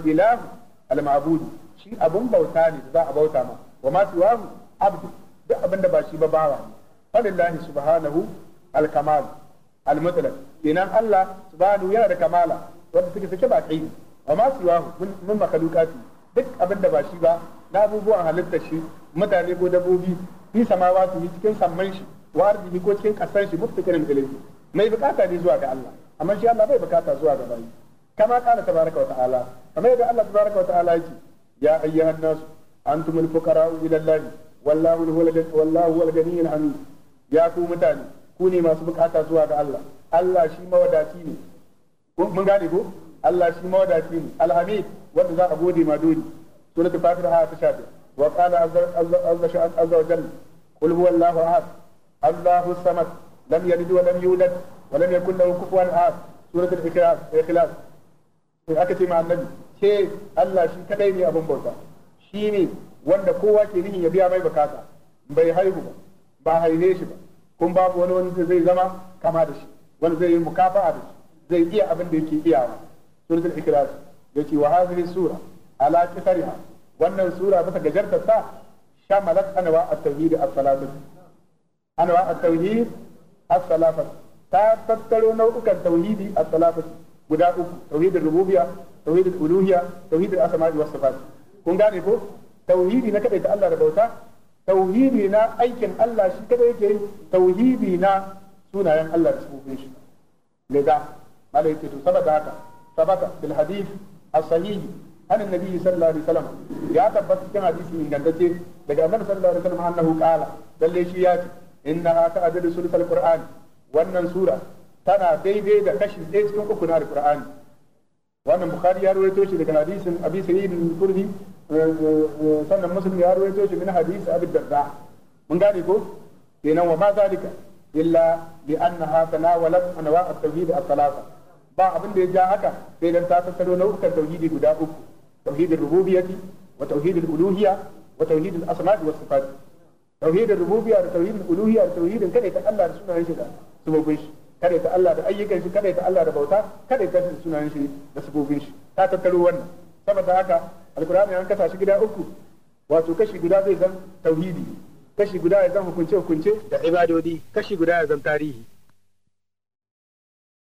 al-ma'bud shi abin bauta ne da za a bauta ma wa ma siwahu abdu duk abin da ba shi ba bawa ne falillahi subhanahu al-kamal al-mutlaq kenan Allah subhanahu yana da kamala wanda suke sake ba kai wa ma siwahu mun makhluqati duk abin da ba shi ba na abubuwan halitta shi mutane ko dabbobi fi samawati cikin samman shi wa ko cikin kasan shi muftikirin ilayhi mai bukata ne zuwa ga Allah amma shi Allah bai bukata zuwa ga bayi kama kana tabaraka wa ta'ala kamar yadda Allah tabaraka wa ta'ala yake ya ayyuhan nasu antumul fuqara'u ila Allah wallahu wallahu wal ganiyul hamid ya ku mutane ku ne masu bukata zuwa ga Allah Allah shi mawadaci ne mun gane ko Allah shi mawadaci ne alhamid wanda za a gode ma dole suratul fatir ha ta shafe. wa qala azza azza azza wa jalla qul huwallahu ahad الله الصمد لم يلد ولم يولد ولم يكن له كفوا احد سوره الاخلاص الاخلاص sai aka ce ma annabi ce Allah shi kadai ne abin bauta shi ne wanda kowa ke nihin ya biya mai bukata bai haihu ba ba a haile shi ba kun babu wani wanda zai zama kama da shi Wani zai yi mukafa'a da shi zai iya abin da yake iyawa suratul ikhlas yace wa hadhihi sura ala qitariha wannan sura bisa gajartar ta shamalat anwa at-tauhid as-salatu anwa a tauhid as-salafatu ta tattaro nau'ukan tauhidi as-salafatu guda uku tauhidin rububiyya tauhidin uluhiyya tauhidin asma'i was sifat kun gane ko tauhidi na kadai ta Allah da bauta tauhidi na aikin Allah shi kadai yake tauhidi na sunayen Allah da sifofin shi lada malai yake to sabata sabata bil hadith as-sahih an annabi sallallahu alaihi wasallam ya tabbata cikin hadisi ingantacce daga annabi sallallahu alaihi wasallam annahu qala lalle shi ya ce innaha da sulsal qur'ani wannan sura tana daidai da kashin ɗaya cikin uku na kur'ani wannan bukhari ya rawaito shi daga hadisin abi sa'id al-khudri eh, eh, eh, sannan muslim ya rawaito shi min hadis abi darda mun gane ko kenan wa ma zalika illa bi annaha tanawalat anwa at-tawhid at-thalatha ba abin da ya ja haka sai dan ta tattaro nau'ukan tauhidi guda uku tauhidin rububiyyati wa tauhidin uluhiyya wa tauhidin asma'i was sifat tauhidin rububiya da tauhidin uluhiya da tauhidin kada ta Allah da sunayen shi da sabobin shi kada ta Allah da ayyukan shi kada ta Allah da bauta kada ta da sunayen shi da sabobin shi ta tattaro wannan saboda haka alkur'ani an kasa shi gida uku wato kashi guda zai zan tauhidi kashi guda ya zan hukunce hukunce da ibadodi kashi guda ya zan tarihi